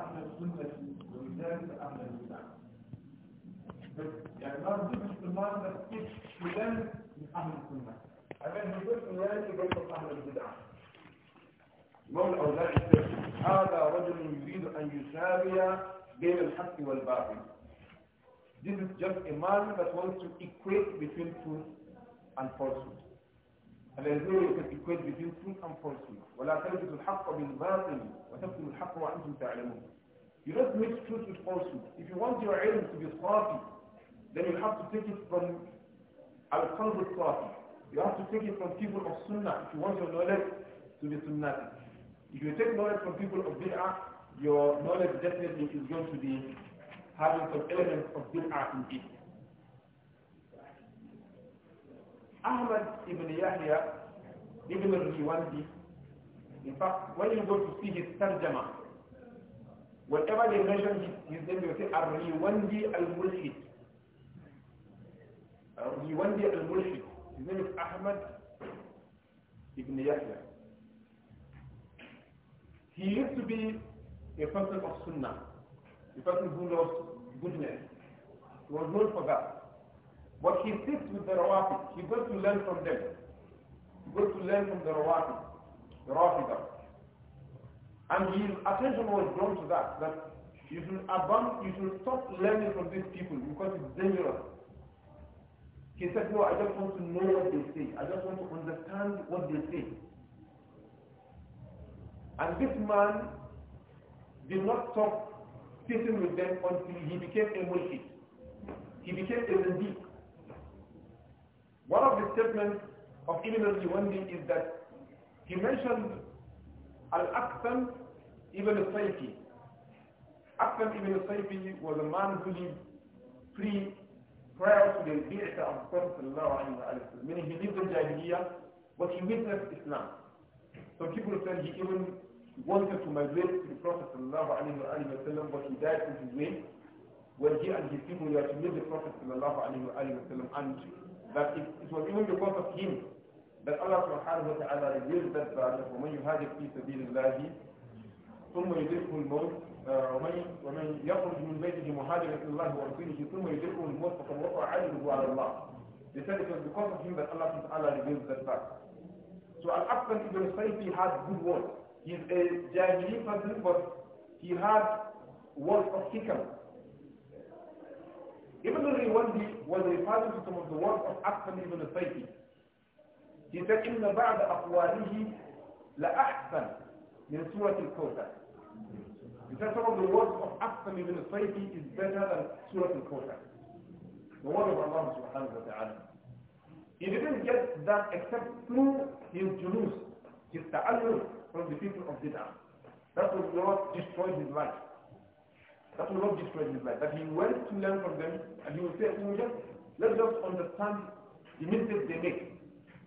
أهل السنة ومثال أهل البدع يعني ما نقولش بالمعنى بس فلان من أهل السنة أمان نقول فلان يقول أهل البدع مولى أولاد هذا رجل يريد أن يساوي بين الحق والباطل This is just a man that wants to equate between truth and falsehood. الذين تكوين between truth and falsehood ولا تلبسوا الحق بالباطل وتكتموا الحق وأنتم تعلمون You don't mix truth with falsehood. If you want your ilm to be salty, then you have to take it from al-qalb al You have to take it from people of sunnah if you want your knowledge to be sunnatic. If you take knowledge from people of bid'ah, your knowledge definitely is going to be having some elements of bid'ah in it. Ahmad ibn Yahya ibn al Riwandi, in fact, when you go to see his tarjama, whatever they mention his, name, they say Ar-Riwandi al-Mulhid. Ar-Riwandi al-Mulhid. His name is Ahmad ibn Yahya. He used to be a person of Sunnah, a person who knows goodness. He was known for that. But he sits with the Rawafid. He goes to learn from them. He goes to learn from the Rawafid, the Rafidah. And his attention was drawn to that, that you should abandon, you should stop learning from these people because it's dangerous. He said, no, I just want to know what they say. I just want to understand what they say. And this man did not stop sitting with them until he became a mushrik. He became a Zindiq. One of the statements of Ibn al-Juwandi is that he mentioned Al-Aqsam Ibn al-Sayfi. Aqsam Ibn al-Sayfi was a man who lived pre, prior to the Bi'ta of Prophet meaning he lived in Jahiliyyah, but he witnessed Islam. So people said he even wanted to migrate to the Prophet وسلم, but he died in his way when he and his people were to meet the Prophet وسلم, and But it, it was even because of him that Allah subhanahu wa ta'ala revealed that verse of وَمَنْ يُهَادِرْ فِي سَبِيلِ اللَّهِ ثُمَّ يُدْرِكُهُ الْمَوْتِ ومن يخرج من بيته مهاجرا الى الله ورسوله ثم يدركه الموت فقد وقع عدله على الله. They said it was because of him that Allah subhanahu wa ta'ala revealed that verse. So Al-Aqsan ibn Sayfi had good words. He's a Jahili person, but he had words of hikam, Ibn al-Riwandi was referring to some of the works of Ahsan ibn al-Sayfi. He said, إِنَّ بَعْدَ أَقْوَالِهِ لَأَحْسَنْ مِنْ سُورَةِ الكوثر. He said some of the words of Ahsan ibn al-Sayfi is better than Surah al-Kawthar. The word of Allah subhanahu wa ta'ala. He didn't get that except through his julus, his ta'alluf from the people of Bid'ah. That was what destroyed his life. That will not destroy his life. That he wants to learn from them and he will say, let's just understand the mistakes they make.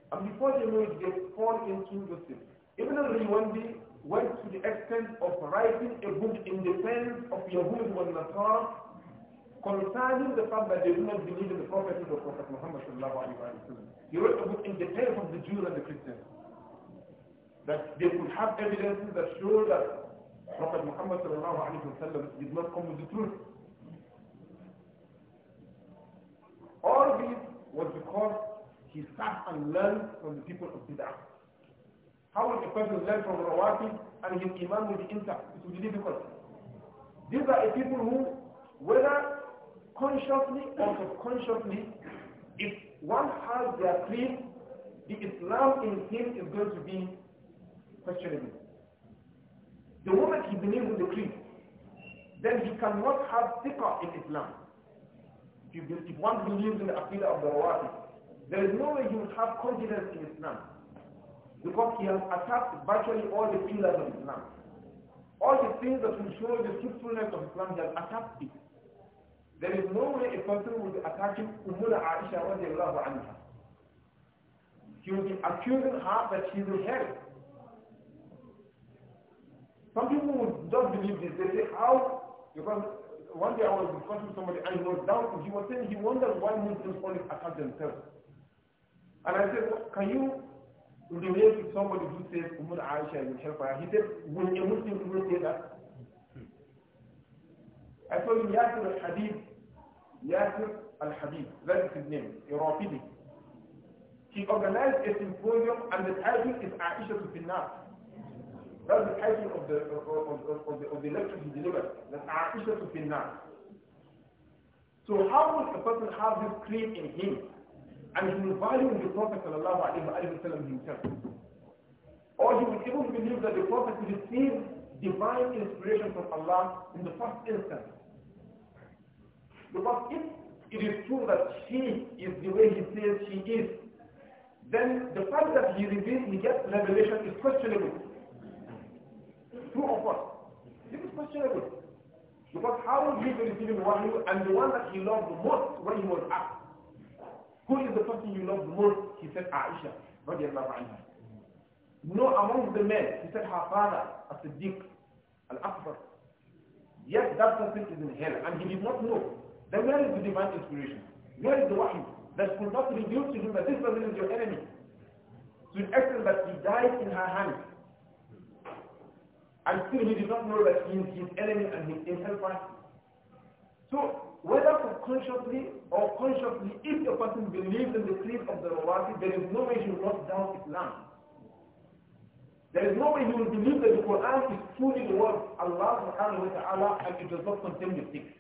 And before they know it, they fall into the sin. Even though Riwandi went to the extent of writing a book in defense of Yahud and Nasara concerning the fact that they do not believe in the Prophet of Prophet Muhammad sallallahu He wrote a book in defense of the Jews and the Christians. That they could have evidences that show that Prophet Muhammad sallam did not come with the truth. All this was because he sat and learned from the people of Bid'ah. How a person learn from Rawati and his Imam will be intact? It will be difficult. These are the people who, whether consciously or subconsciously, if one has their creed, the Islam in him is going to be questionable. The moment he believes in the creed, then he cannot have thiqah in Islam. If, you, if one believes in the aqidah of the Rawatib, there is no way he would have confidence in Islam. Because he has attacked virtually all the pillars of Islam. All the things that will show the truthfulness of Islam, he has attacked it. There is no way a person will be attacking Umula Aisha radiallahu anha. He will be accusing her that she is a some people would just believe this. They say, how? Because one day I was discussing with somebody and he was down. He was saying he wonders why Muslims only attack themselves. And I said, can you relate to somebody who says Umar Aisha is in hellfire? He said, "When a Muslim will say that? I told him, Yasir al-Hadid, Yasir al-Hadid, that is his name, a Rafidi. He organized a symposium and the title is Aisha to Finnar. That's the title of the of, of, of, of the, of the lecture he delivered. That Aisha to Finna. So how would a person have this claim in him? And he will value the Prophet sallallahu alaihi wasallam himself. Or he will even believe that the Prophet received divine inspiration from Allah in the first instance. Because if it is true that she is the way he says she is, then the fact that he reveals he gets revelation is questionable. Two of us. This is questionable. Because how would he be receiving one and the one that he loved most when he was asked? Who is the person you love most? He said, Aisha, radiallahu anha. No, among the men, he said, her father, As-Siddiq, Al-Akbar. Yet that person is in hell, and he did not know. Then where is the divine inspiration? Where is the wahi that could not reveal to him that this person is your enemy? To the extent that he died in her hands. And still he did not know that he is his enemy and his helper. So whether consciously or consciously, if a person believes in the creed of the Rawati, there is no way he will not doubt Islam. There is no way he will believe that the Quran is truly the word of Allah subhanahu wa ta'ala and it does not contain mistakes.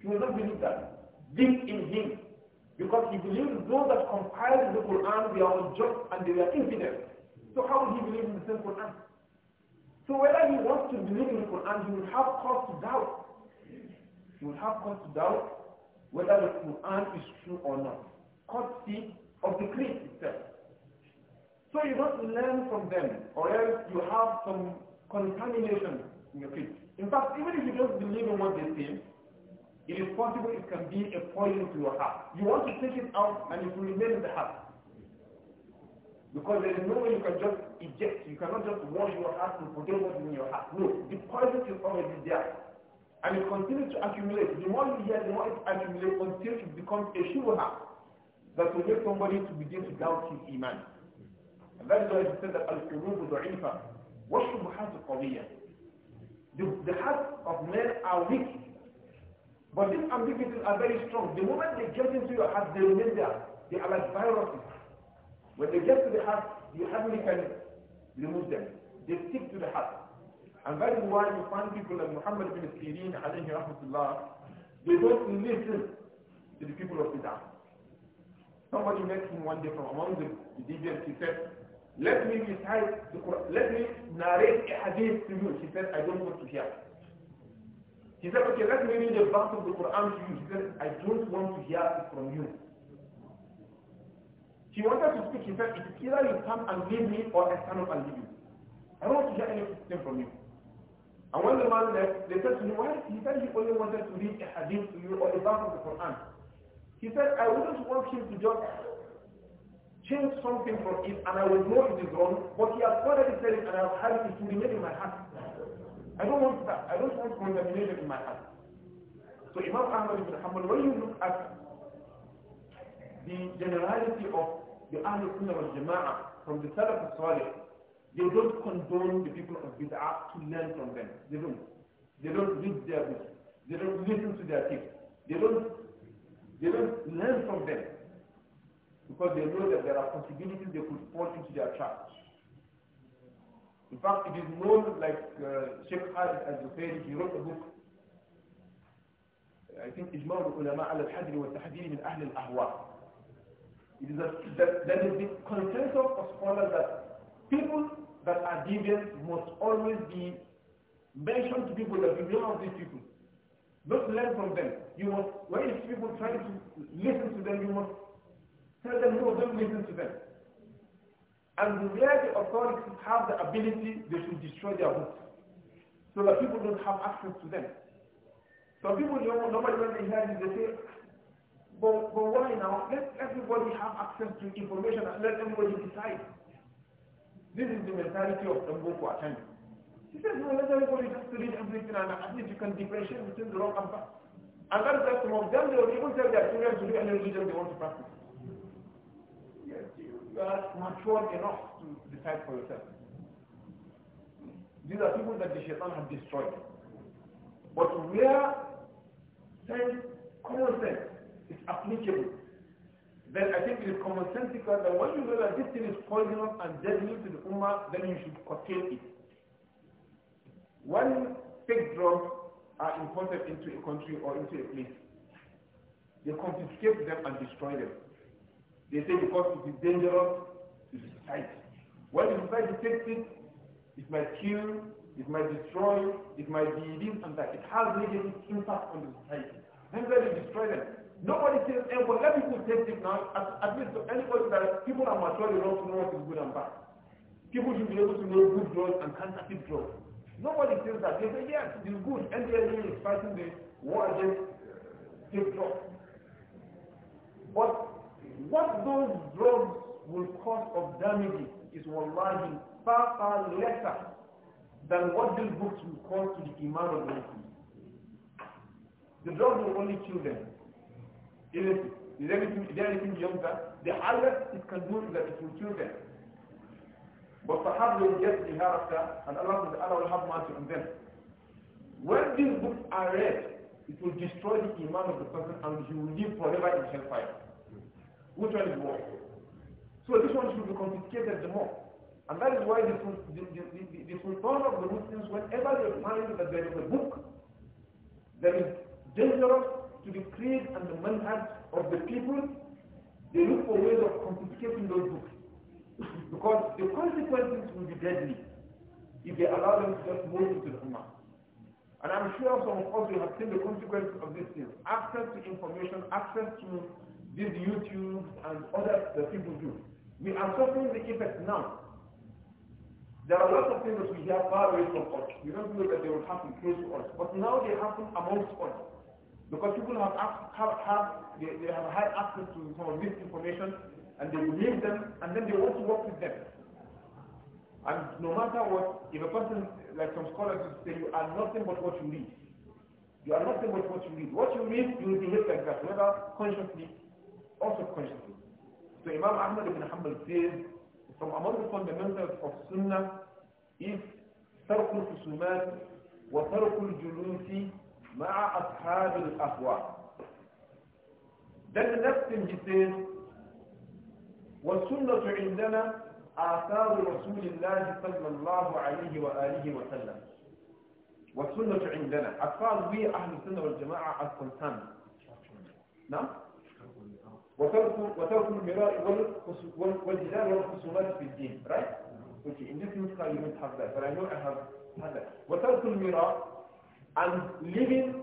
He will not believe that. Deep in him. Because he believes those that compiled the Quran, they are unjust and they are infidels. So how will he believe in the same Quran? So whether he wants to believe in the Quran, he will have cause to doubt. He will have cause to doubt whether the Quran is true or not. Courtesy of the creed itself. So you don't learn from them, or else you have some contamination in your creed. In fact, even if you don't believe in what they say, it is possible it can be a poison to your heart. You want to take it out and it will remain in the heart. Because there is no way you can just eject. You cannot just wash your heart and forget what's in your heart. No, the poison is already there. And it continues to accumulate. The more you hear, the more it accumulates until it becomes a shubha that will make somebody to begin to doubt his iman. And that is why he said that al-qulubu da'ifa wa shubuhatu qawiyya. The, the hearts of men are weak. But these ambiguities are very strong. The moment they get into your heart, they remain there. They are like viruses. When they get to the heart, you have any kind of remove them. They stick to the heart. And that is why you find people like Muhammad bin Sirin, alayhi rahmatullah, they don't listen to the people of Islam. Somebody met him one day from among the, the He said, let me recite the Quran. Let me narrate a hadith to you. She said, I don't want to hear. He said, okay, let me read a verse of the Quran to you. She said, I don't want to hear it from you. She wanted to speak. He said, it's either you come and leave me or I stand up and leave you. I don't want to hear anything from you. And when the man left, they said to him, why? He said he only wanted to read a hadith to you or a verse of the Quran. He said, I wouldn't want him to just change something from it and I would know it is wrong, but he has already said it and I have had it to remain in my heart. I don't want that. I don't want contamination in my heart. So Imam Ahmad ibn Hanbal, when you look at the generality of the Ahlul Sunnah wal Jama'ah, from the Salaf al-Salih, they don't condone the people of Bid'ah to learn from them. They don't. They don't read their books. They don't listen to their tips. They don't, they don't learn from them because they know that there are possibilities they could fall into their traps. In fact, it is known like uh, Sheikh Khalid al-Zufairi, he wrote a book, I think, al العلماء على الحجر والتحذير Ahl al A'hwā. It is a, that, the consensus of scholars that people that are deviant must always be mentioned to people that you know of these people. Not learn from them. You must, when see people trying to listen to them, you must tell them, no, don't listen to them. And where the authorities have the ability, they should destroy their books. So that people don't have access to them. Some people, you know, nobody when they hear this, they say, but, but now, let everybody have access to information and let everybody decide. This is the mentality of the Boko Atani. He says, no, let everybody just read everything and at least you can differentiate between the wrong and bad. And that's that some of them, they will even tell their children to do any religion they want to practice. Yes, you are mature enough to decide for yourself. These are people that the shaitan had destroyed. But where sense, common sense is applicable, then I think it is commonsensical that when you know that this thing is poisonous and deadly to the Ummah, then you should curtail it. When fake drugs are imported into a country or into a place, they confiscate them and destroy them. They say because it is dangerous to the society. When the society takes it, it might kill, it might destroy, it might be this and that. It has negative impact on the society. Then they destroy them. Nobody says, hey, let people test it now. At, at least anybody that people are mature enough to know what is good and bad. People should be able to know good drugs and counterfeit drugs. Nobody says that. They say, yes, it is good. NDLA is fighting the war against fake uh, drugs. But what those drugs will cause of damage is margin far, far lesser than what these books will cause to the iman of the The drugs will only kill them. If there is anything, younger, that? The highest it can do is that it will kill them. But perhaps they will get the character, and Allah, Allah will have mercy on them. When these books are read, it will destroy the iman of the person and he will live forever in hellfire. Which one is more? So this one should be confiscated the more. And that is why the, the, the, the, the sultan of the Muslims, whenever they find that there is a book that is dangerous to the creed and the manhaj of the people, they look for ways of confiscating those books. because the consequences will be deadly if they allow them to just move into the Ummah. And I'm sure some of us will have seen the consequences of these things. Access to information, access to these YouTube and other that people do. We are suffering the effect now. There are lots of things that we hear far away from us. We don't know that they will happen close to us. But now they happen amongst us. Because people have, have, have they, they have had access to some of this information and they believe them and then they want to work with them. And no matter what, if a person, like some scholars would say, you are nothing but what you read. You are nothing but what you read. What you read, you will behave like that, whether consciously or subconsciously. So Imam Ahmad ibn Hanbal says, from among the fundamentals of Sunnah is ترك الخصومات وترك الجلوس مع أصحاب الأهواء ده نفس جسيم والسنة عندنا آثار رسول الله صلى الله عليه وآله وسلم والسنة عندنا أطفال بي أهل السنة والجماعة الصمتان نعم وترك وترك المراء والجدال والخصومات في الدين رايت؟ okay in this نسخة you don't have that but I that وترك المراء and living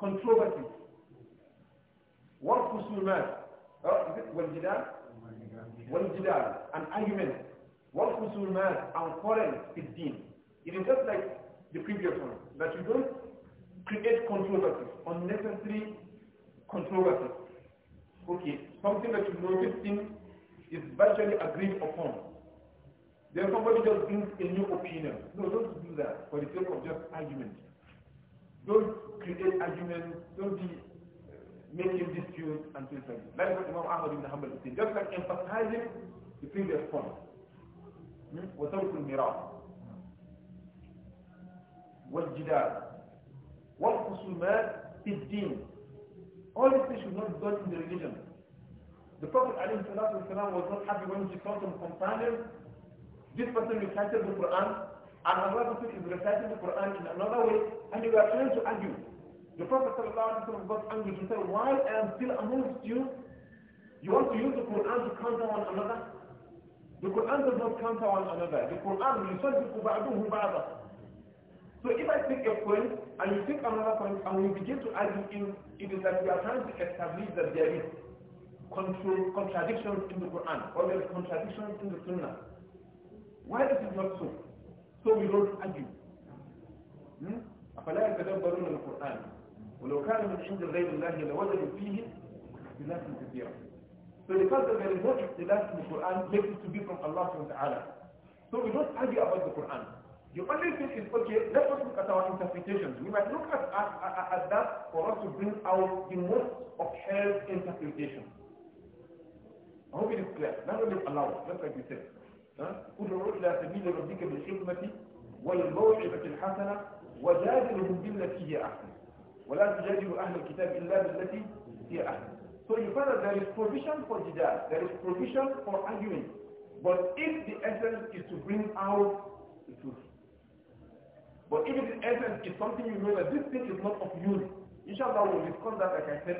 controversies. والخصومات والجدال oh, An argument. What والخصومات and quarrels is الدين. It is just like the previous one, that you don't create controversies, unnecessary controversies. Okay, something that you notice in is virtually agreed upon. Then somebody just brings a new opinion. No, don't do that for the sake of just argument. Don't create arguments. Don't be uh, making disputes and things like that. That's what Imam Ahmad ibn Hanbal said. Just like emphasizing the previous point. وترك الميراث والجدال والخصومات في الدين all these things should not be done in the religion the Prophet ﷺ was not happy when he saw some companions this person recited the Quran and another is reciting the Quran in another way, and you are trying to argue. The Prophet got angry He said, Why I am still amongst you? You want to use the Quran to counter one another? The Quran does not counter one another. The Quran يصدق بعضهم بعضا. So if I take a point and you take another point and we begin to argue in it is that we are trying to establish that there is control, contradictions in the Quran or there is contradictions in the Sunnah. Why is it not so? so we don't argue hmm? أفلا يتدبرون القرآن ولو كان من عند غير الله لوجدوا فيه اختلافا كثيرا So the fact that there is no ikhtilaf in the Quran makes it to be from Allah subhanahu wa ta'ala. So we don't argue about the Quran. The only thing is, okay, let us look at our interpretations. We might look at, at, at, at that for us to bring out the most upheld interpretation. I hope it is clear. That will be allowed, just like we said. ادعوا إلى سبيل ربك بالحكمة والموعظة الحسنة وجادلهم بالتي هي أحسن ولا تجادلوا أهل الكتاب إلا بالتي هي أحسن So you find that there is provision for jidal, there is provision for arguing. But if the essence is to bring out the truth, but if the essence is something you know that this thing is not of use, inshallah we'll discuss that like I said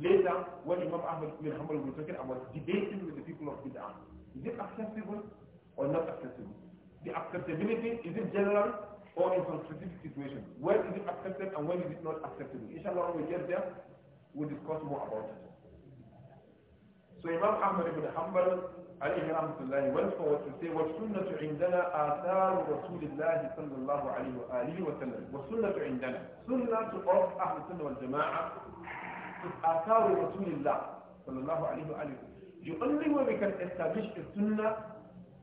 later when Imam Ahmad bin Hamal will be talking about debating with the people of Bid'ah. Is it acceptable? or not acceptable. The acceptability, is it general or in some specific situation? When is it accepted and when is it not acceptable? Inshallah, when we get there, we'll discuss more about it. So Imam Ahmad ibn Hanbal alayhi عليه رحمة الله والفوت والسنة عندنا آثار رسول الله صلى الله عليه وآله وسلم والسنة عندنا سنة أرض أهل السنة والجماعة آثار رسول الله صلى الله عليه وآله The only way we can establish a sunnah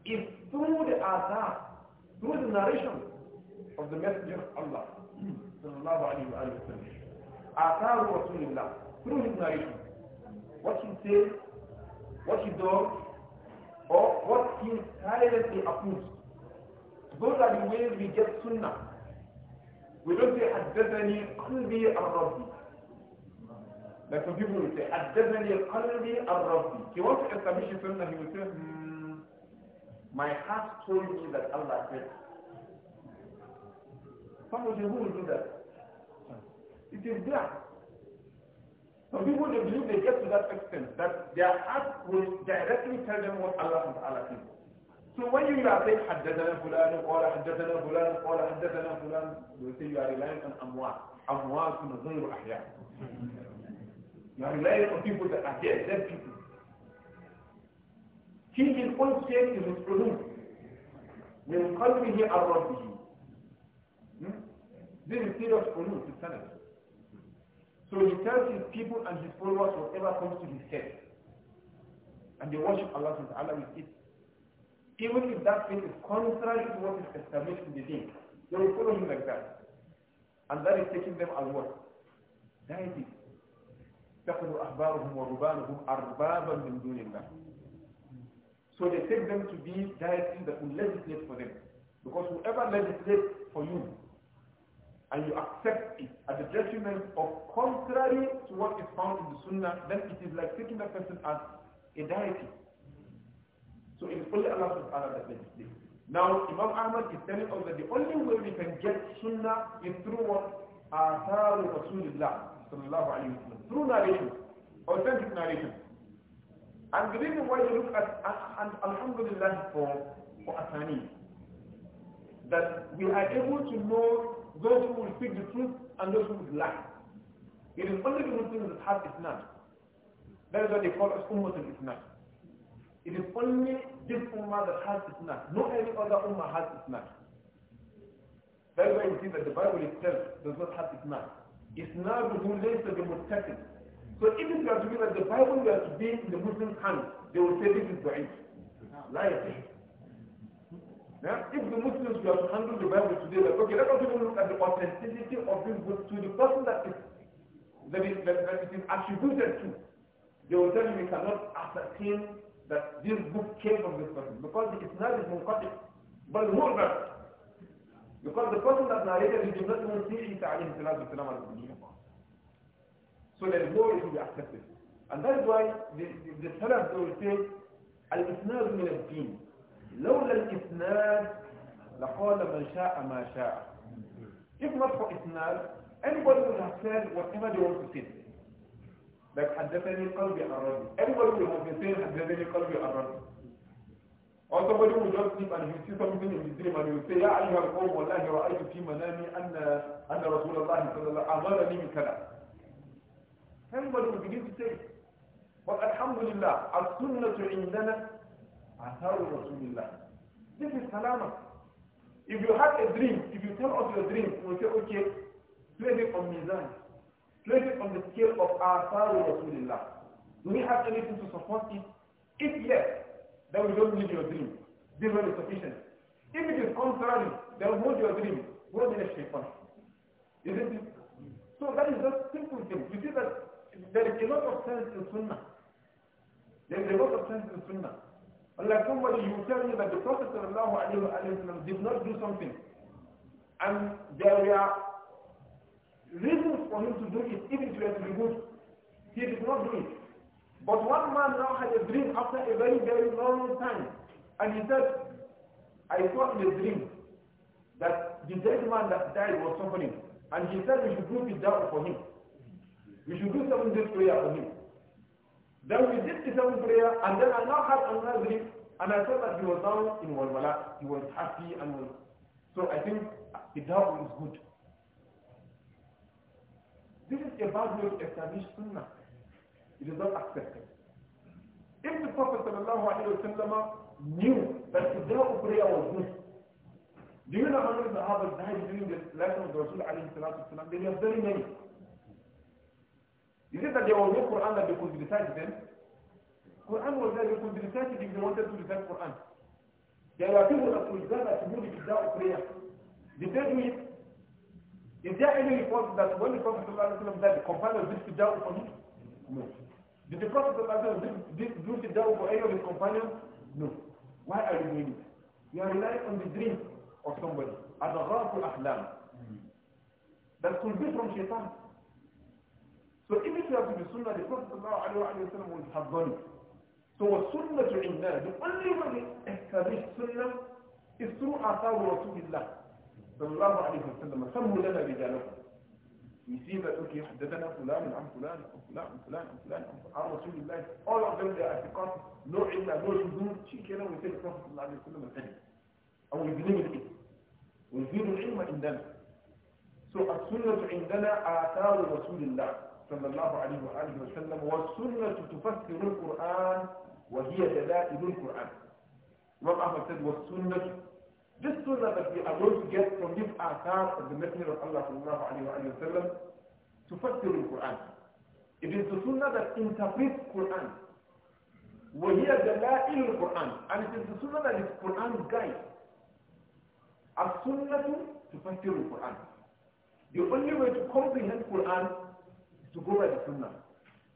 is through the adhan, through the narration of the Messenger of Allah, sallallahu alayhi wa sallam. Adhan Rasulullah, through his narration. What he says, what he does, or what he silently approves. Those are the ways we get sunnah. We don't say حدثني قلبي عن ربي. Like some people will say حدثني قلبي عن ربي. He wants to establish sunnah, he will say, hmm, my heart told me that Allah said. Somebody who will do that. It is there. Some people they believe they get to that extent that their heart will directly tell them what Allah has Allah said. So when you are saying حدثنا فلان قال حدثنا فلان قال حدثنا فلان you say you are relying on أموات أموات غير أحياء. You are relying on people that are dead, dead people. فيه القدس سيكتب القلوب من قلبه عن ربه This is serious for you, it's a So he tells his people and his followers whatever comes to his head. And they worship Allah subhanahu wa ta'ala with it. Even if that thing is contrary to what is established in the deen, they will follow him like that. And that is taking them as what? That is it. تَقْلُ أَحْبَارُهُمْ وَرُبَانُهُمْ أَرْبَابًا مِنْ دُونِ اللَّهِ So they take them to be deities that will legislate for them. Because whoever legislates for you, and you accept it as a detriment of contrary to what is found in the Sunnah, then it is like taking that person as a deity. So it is only Allah subhanahu wa ta'ala that Now Imam Ahmad is telling us that the only way we can get Sunnah is through what? Atharu Rasulullah sallallahu alayhi wa sallam. Through narration, authentic narration. And the reason why you look at and Alhamdulillah for, for Asani, that we are able to know those who will speak the truth and those who will lie. It is only the Muslims that have Islam. That is why they call us Ummah al Islam. It is only this Ummah that has Islam. No any other Ummah has Islam. That is why you see that the Bible itself does not have Islam. Islam is laysa bi muttasil. So if it were to be that the Bible were to be in the Muslim hands, they will say this is Da'if. Liar. Yeah? If the Muslims were to handle the Bible today, like, okay, let us even look at the authenticity of this book to the person that it, that it, that, that it is attributed to, they will tell you we cannot ascertain that this book came from this person because the Islam is munqati. But more that, because the person that narrated it did not even see Isa alayhi salatu the as so that law is to be accepted. And that is why the, Salaf will say, الإسناد من الدين لولا الإسناد لقال من شاء ما شاء If not for إسناد anybody would have said whatever they want to say like حدثني قلبي عن ربي anybody would have been saying حدثني قلبي عن ربي Or somebody will just sleep and he'll see something in his dream and he'll say يا أيها القوم والله رأيت في منامي أن أن رسول الله صلى الله عليه وسلم أمرني بكذا somebody will begin to say, but alhamdulillah, al sunnah indana atharu rasulillah. This is salama. If you have a dream, if you tell us your dream, we say, okay, place it on mizan. Place it on the scale of atharu rasulillah. Do we have anything to support it? If yes, then we don't need your dream. This one is sufficient. If it is contrary, then hold your dream. Go to the shaitan. Isn't it? So that is just simple thing. You see that there is a lot of sense in Sunnah. There is a lot of sense to Sunnah. Unlike somebody, you tell me that the Prophet did not do something. And there are reasons for him to do it, even if it was good. He did not do it. But one man now had a dream after a very, very long time. And he said, I saw in a dream that the dead man that died was suffering. And he said we should group it down for him. We should do seven days prayer for him. Then we did the seven prayer, and then I now had another dream, and I saw that he was down in Walwala. He was happy and was. So I think the doubt is good. This is a bad way to establish sunnah. It is not accepted. If the Prophet ﷺ knew that the day of prayer was good, do you know how many Sahaba died during the life of the Rasul alayhi There are very many. You said that they will no Quran that they could recite then? Quran was there, they could decide if they wanted to recite Quran. There were people that could gather to do the without prayer. Did they do it? Is there any report that when the Prophet died, the companions did fida'u for him? No. Did the Prophet did, did do down for any of his companions? No. Why are you doing it? You are relying on the dream of somebody. As a ghaful ahlam. That could be from shaitan. So if it has to be sunnah, the Prophet ﷺ would have done it. So what sunnah to inna, the only way to establish sunnah is through Athaw Rasulullah sallallahu alayhi wa Sammu lana bijalakum. We see that, okay, حدثنا فلان عن فلان عن فلان عن فلان عن فلان عن رسول الله. All of them, they are ثقات. No إلا no شذوذ. She came and say the Prophet صلى الله عليه وسلم said we believe in it. وزيد العلم عندنا. So السنة عندنا آثار رسول الله صلى الله عليه وآله وسلم والسنة تفسر القرآن وهي دلائل القرآن Imam Ahmad said was sunnah. This sunnah that we are going to get from this athar of the Messenger of Allah sallallahu alayhi wa sallam to fassir al-Quran. It is the sunnah that interprets Quran. And it is the sunnah that is Quran guide. As sunnah to fassir al-Quran. The only way to comprehend Quran to go by the Sunnah.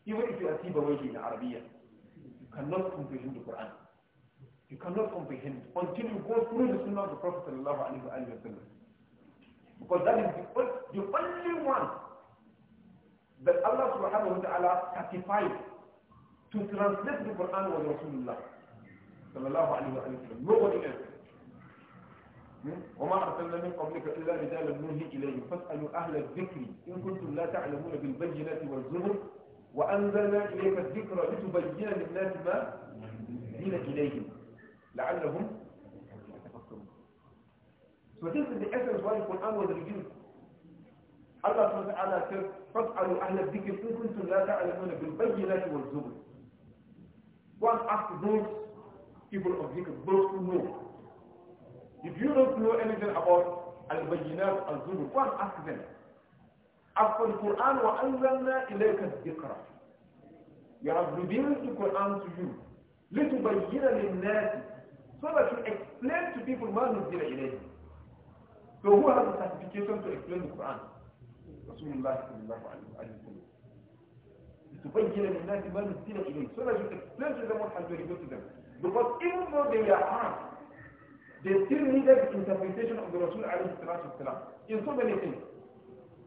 Even if you are Tibawayhi in Arabia, you cannot comprehend the Quran. You cannot comprehend until you go through the Sunnah of the Prophet sallallahu alaihi wasallam. Because that is the, only one that Allah subhanahu wa ta'ala certified to translate the Quran was Rasulullah sallallahu alaihi wasallam. Nobody else. وما أرسلنا من قبلك إلا رجالا نوحي إليهم فاسألوا أهل الذكر إن كنتم لا تعلمون بالبينات والزبر وأنزلنا إليك الذكر لتبين للناس ما دين إليهم لعلهم يتفكرون So this is the essence why Quran was revealed. Allah SWT said, فَاسْأَلُوا أَهْلَ الذِّكِرِ إِن كُنتُمْ لَا تَعْلَمُونَ بِالْبَيِّنَاتِ وَالزُّبُرِ and ask those people of Zikr, those who know, If you don't know anything about al-bayyinat al-zulm, go and ask them. After the Quran, وَأَنْزَلْنَا إِلَيْكَ الذِّكْرَ We have revealed the Quran to you. لِتُبَيِّنَ لِلنَّاسِ So that you explain to people ما نزل إليه. So who has the certification to explain the Quran? Rasulullah sallallahu alayhi wa sallam. لِتُبَيِّنَ لِلنَّاسِ مَا نزل إليه. So that you explain to them what has been revealed to them. Because even though they are harmed, they still needed the interpretation of the Rasul alayhi salatu wasalam in so many things.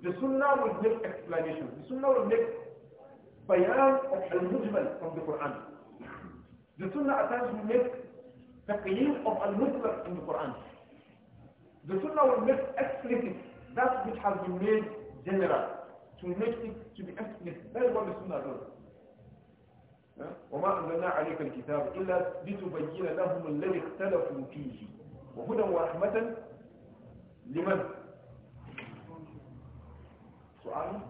The Sunnah would make explanation. The Sunnah would make bayan of al-mujmal from the Quran. The Sunnah at times would make taqeen of al-mujmal from the Quran. The Sunnah would make explicit that which has been made general to make it to be explicit. That is what the Sunnah does. وما أنزلنا عليك الكتاب إلا لتبين لهم الذي اختلفوا فيه وهدى ورحمة لمن سؤال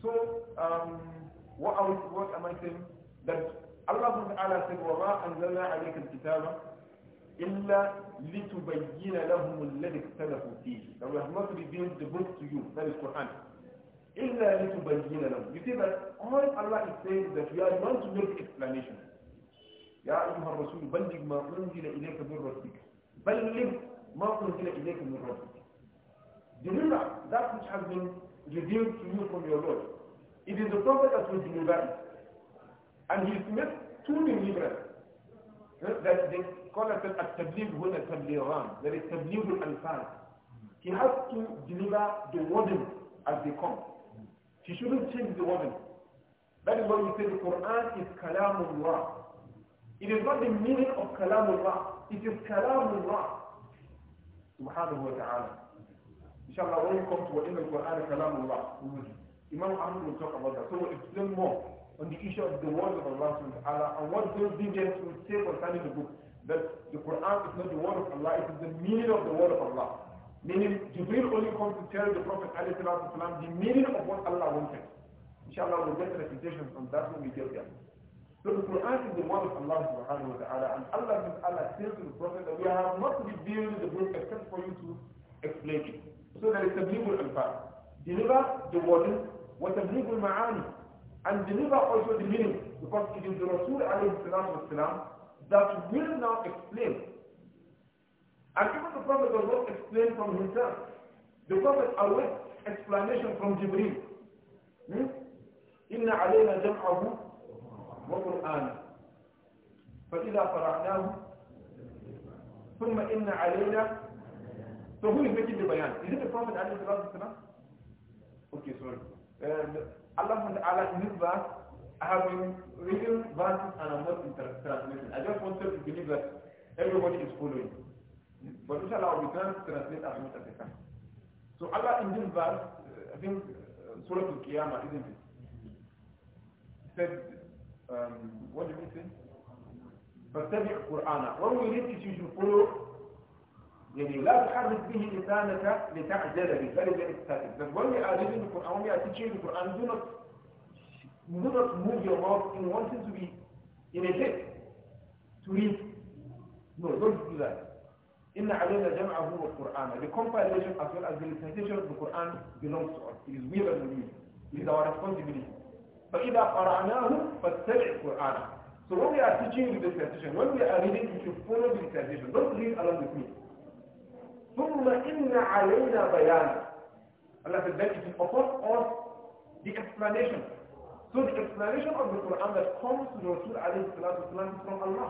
So, um, what, are we, what am I saying? That Allah subhanahu wa ta'ala said, وَمَا أَنزَلْنَا عَلَيْكَ الْكِتَابَ إلا لتبين لهم الذي اختلفوا فيه لو we have not revealed the book to you, that is Quran. إلا لتبين لهم. You see that all Allah is saying is that we are not to make explanation. يا أيها الرسول بلغ ما أنزل إليك من ربك. بلغ ما أنزل إليك من ربك. Deliver that which has been revealed to you from your Lord. It is the Prophet that will deliver it. And he is made two deliverers. That they scholars say التبليغ هنا تبليغان there is تبليغ الألفاظ he has to deliver the wording as they come he shouldn't change the wording that is why we say the Quran is kalamullah it is not the meaning of kalamullah it is kalamullah subhanahu wa ta'ala inshallah when we come to what in the Quran kalamullah Imam Ahmad will talk about that so we'll explain more on the issue of the words of Allah subhanahu wa and what those deviants will say concerning the book that the Quran is not the word of Allah, it is the meaning of the word of Allah. Meaning, Jibreel only comes to tell the Prophet ﷺ the meaning of what Allah wanted. Inshallah, we'll get recitations on that when we get there. So the Quran is the word of Allah subhanahu wa ta'ala, and Allah is Allah says to the Prophet that we have not revealed the book except for you to explain it. So there is tabligul al-fat. Deliver the wording, a tabligul ma'ani, and deliver also the meaning, because it is the Rasul alayhi salatu that will not explain. And even the Prophet does not explain from himself. The Prophet awaits explanation from Jibreel. Hmm? Inna alayna jam'ahu wa Quran. فإذا قرأناه ثم inna alayna. So who is making the bayan? Is it the Prophet Ali Okay, sorry. Uh, Allah subhanahu wa ta'ala in this I have been reading verses and I'm not translating. I just wanted to believe that everybody is following. But inshallah, we can translate as much as we can. So Allah in this verse, I think Surah Al-Qiyamah, isn't it? said, um, what did he say? فاتبع قرآن when we read it you should follow يعني لا تحرك به لسانك لتعجل به that is very exciting that when we are reading the Quran when we are teaching the Quran do not You do not move your mouth in wanting to be in a shape, to read. No, don't do that. alayna علينا جمعه والقرآن. The compilation as well as the recitation of the Quran belongs to us. It is we that we It is our responsibility. فإذا قرأناه فاتبع القرآن. So when we are teaching with the recitation, when we are reading, you should follow the recitation. Don't read along with me. ثم إن علينا بيانا. Allah said that it is upon us the explanation So the explanation of the Quran that comes to the Rasul alayhi salatu wasalam is from Allah.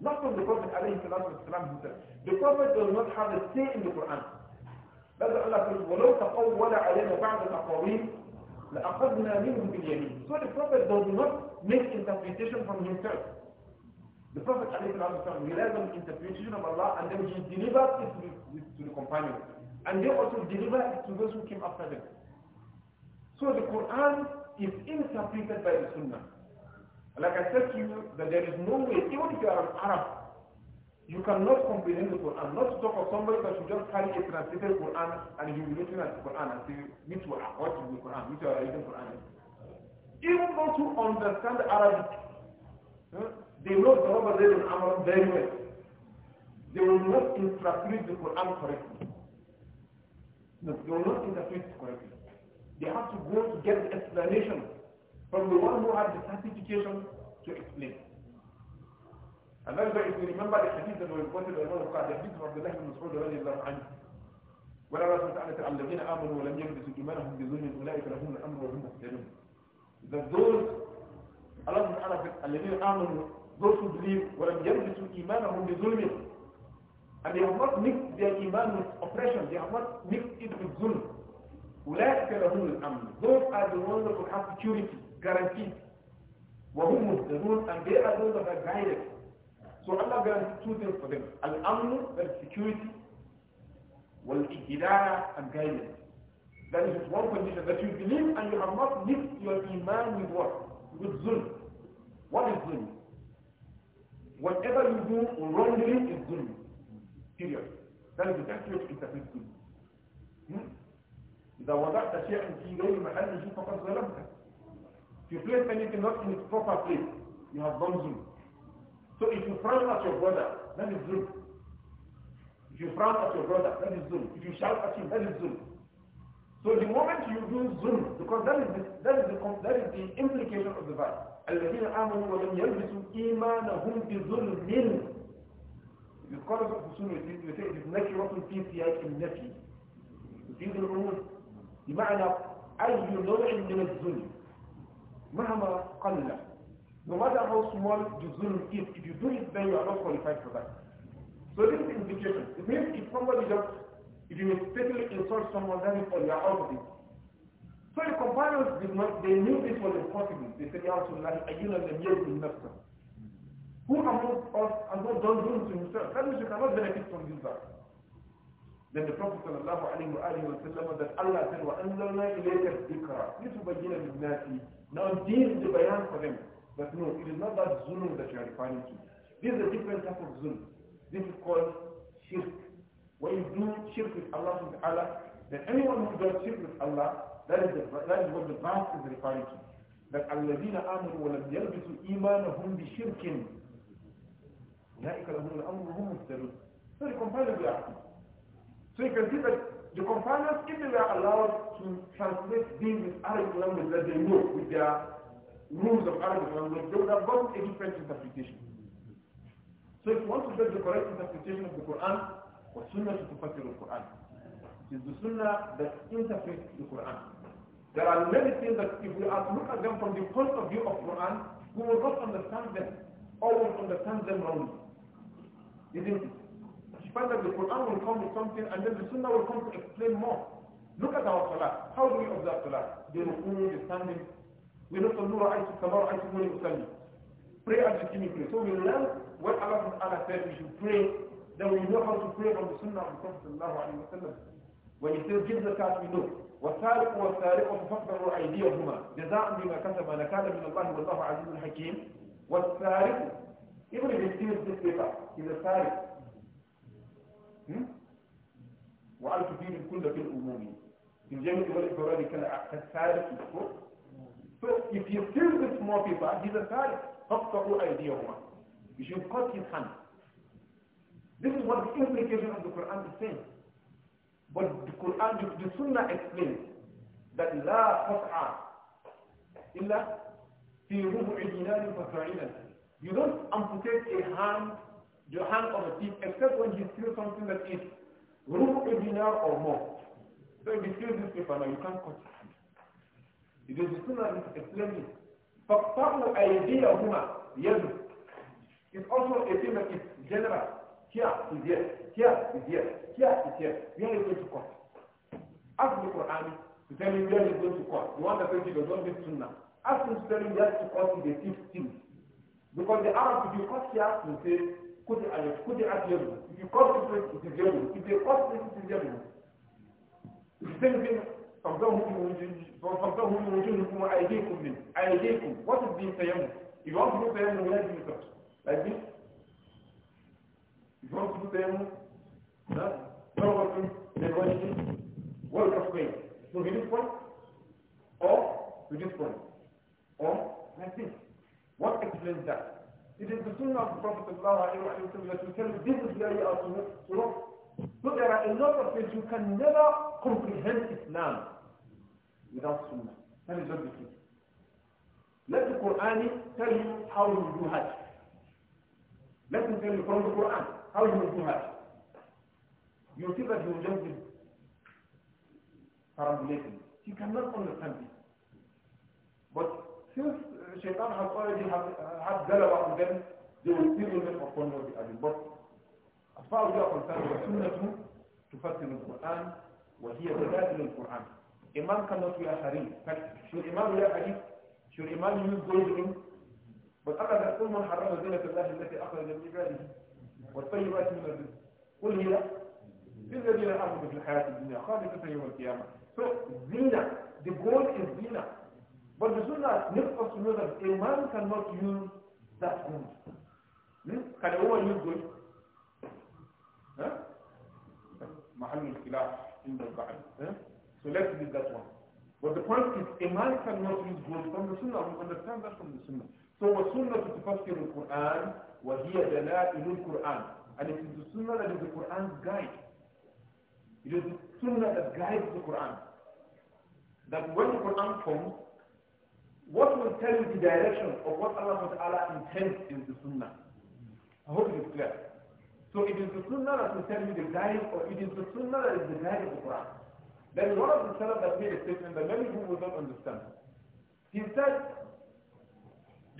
Not from the Prophet alayhi salatu wasalam himself. The Prophet does not have a say in the Quran. That's what Allah says, وَلَوْ تَقَوَّلَ عَلَيْنَا بَعْدَ الْأَقَوِيلِ لَأَخَذْنَا مِنْهُ بِالْيَمِينِ So the Prophet does not make interpretation from himself. The Prophet alayhi salatu wasalam relies on the interpretation of Allah and then he delivers it to the, to the companions. And they also deliver it to those who came after them. So the Quran is interpreted by the Sunnah. Like I said to you, that there is no way, even if you are an Arab, you cannot comprehend the Quran. Not to talk of somebody that should just carry a translated Quran and he will be looking at the Quran and say, which one, what is the Quran, which are reading Quran. Even those who understand Arabic, huh, they know the Rabbi Zayd and very well. They will not interpret the Quran correctly. No, they will not interpret it correctly. They have to go to get the explanation from the one who had the certification to explain. And that's why if you remember the hadith that was reported by Imam Bukhari, the hadith of Abdullah ibn Mas'ud radiallahu anhu, when Allah subhanahu wa ta'ala الذين آمنوا ولم يلبسوا إيمانهم بظلم أولئك لهم الأمر وهم مهتدون. That those Allah subhanahu wa ta'ala الذين آمنوا those who believe ولم يلبسوا إيمانهم بظلم and they have not mixed their iman with oppression, they have not mixed it with zulm. أولئك لهم الأمن هم are لكم حق that will وهم مهتدون and they are those that are guided so Allah guarantees الأمن that is security والإهداء and that is one condition that you believe and you have not mixed your iman with what with zulm what is zulm whatever you do wrongly is zulm period that is the accurate interpretation hmm? إذا وضعت شيئا في غير محل شيء فقد ظلمته. If you place anything not in its proper place, you have done zulm. So if you frown at your brother, that is zulm. If you frown at your brother, that is zulm. If you shout at him, that is zulm. So the moment you do zulm, because that is the, that is the, that is the implication of the verse. الذين آمنوا ولم يلبسوا إيمانهم بظلم The scholars of the will say it is nakirotun fi siyaq al-nafi. the dhul بمعنى أي نوع من الظلم مهما قل no matter how small the zulm is, if you do it, then you are not qualified for that. So this is indication. It means if somebody just, if you mistakenly insult someone, then you are out of it. So the companions did not, they knew this was impossible. They said, Ya Rasulullah, Ayyuna lam yakun nafsa. Who among us has not done zulm to himself? That means you cannot benefit from this verse. لأن الرسول صلى الله عليه وآله وسلم قال الله تعالى وَأَنزَلْنَا إِلَيْكَ الذكرى لِتُبَيِّنَ لِلنَّاسِ Now deal بيان فهم But no, it is not that zulm that you are referring to. This is a different type of zulm. This is called shirk. When you do shirk with Allah subhanahu wa ta'ala, then anyone who does shirk with Allah, that is, the, that is what the verse is referring to. That الَّذِينَ آمَنُوا وَلَمْ يَلْبِسُوا إِيمَانَهُمْ بِشِرْكٍ أُولَٰئِكَ لَهُمُ الْأَمْرُ هُمْ مُهْتَدُونَ So the compiler will ask So you can see that the companions, if they were allowed to translate things with Arabic language that they know, with their rules of Arabic language, they would have gotten a different interpretation. So if you want to get the correct interpretation of the Quran, or sunnah to interpret the Quran? It is the sunnah that interprets the Quran. There are many things that if we are to look at them from the point of view of Quran, we will not understand them or will understand them wrongly. Isn't it? She finds that the Quran will come with something and then the Sunnah will come to explain more. Look at our Salah. How do we observe Salah? The Rukun, the standing. We know Sallu ra'aytu Salah ra'aytu Muni Usalli. Pray as the king pray. So we learn what Allah Ta'ala said we should pray. Then we know how to pray from the Sunnah of the Prophet Sallallahu Alaihi Wasallam. When he says give zakat, we know. والسارق والسارقة فاقطعوا أيديهما جزاء بما كسب نكالا من الله والله عزيز حكيم والسارق even if he steals this paper, he's a وأن تفيد الكل في الأمور في الجمع والإفراد كالسالك So if you kill the small people, he's a sadiq. فَقْطَعُوا أَيْدِيَهُمَا You should cut his hand. This is what the implication of the Quran is saying. But the Quran, the Sunnah explains that لا قطع إلا في ربع دينار فسعينا. You don't amputate a hand the hand of a thief except when he steals something that is rubu a dinar or more. So if he steals this paper now, you can't cut it. It is the sunnah is explaining. idea of أَيْدِيَهُمَا yes, It's also a thing that is general. Here is here, here We only going to cut? Ask the Quran to tell where he's going to cut. The one that says he does not need sunnah. Ask him to tell you where to cut in the thief Because the Arabs, if you cut here, will say, could I could at level. If you concentrate, it is level. If they concentrate, it is level. The same thing from whom you rejoice from أيديكم من أيديكم. What is being tayammum? If you want to do tayammum, where do If you want to do tayammum, huh? working, then what is it? What is point, or with point, or like What explains that? It is the sunnah of the Prophet that will tell this is where you So there are a lot of things you can never comprehend Islam without sunnah. That is not the case. Let the Quran tell you how you do Hajj. Let him tell you from the Quran how you do Hajj. You see that he will just cannot understand But since الشيطان هتقول دي هتجلى واحد جنب دي ويصير من أقوال أبي بكر أطفال جاء قلتان وسنة تفتن القرآن وهي بدائل القرآن إمام كان يا حريم شو الإمام يا حريم شو الإمام يقول بل أنا كل من حرم زينة الله التي أخرج من عباده والطيبات من الرزق قل هي للذين آمنوا في الحياة الدنيا خالصة يوم القيامة So, Zina, the goal is Zina. But the sunnah makes us to know that a man cannot use that wound. Hmm? Can a woman use good? Huh? So let's leave that one. But the point is, a man cannot use good from the sunnah. We understand that from the sunnah. So وَالسُنَّةُ the الْقُرْآنِ in the Quran, And it is the sunnah that is the Qur'an's guide. It is the sunnah that guides the Qur'an. That when the Qur'an comes, what will tell you the direction of what Allah Ta'ala intends is the Sunnah. I hope it is clear. So it is the Sunnah that will tell you the guide, or it is the Sunnah that is the guide of the Quran. There is one of the Salaf that made a statement that many people will not understand. He said,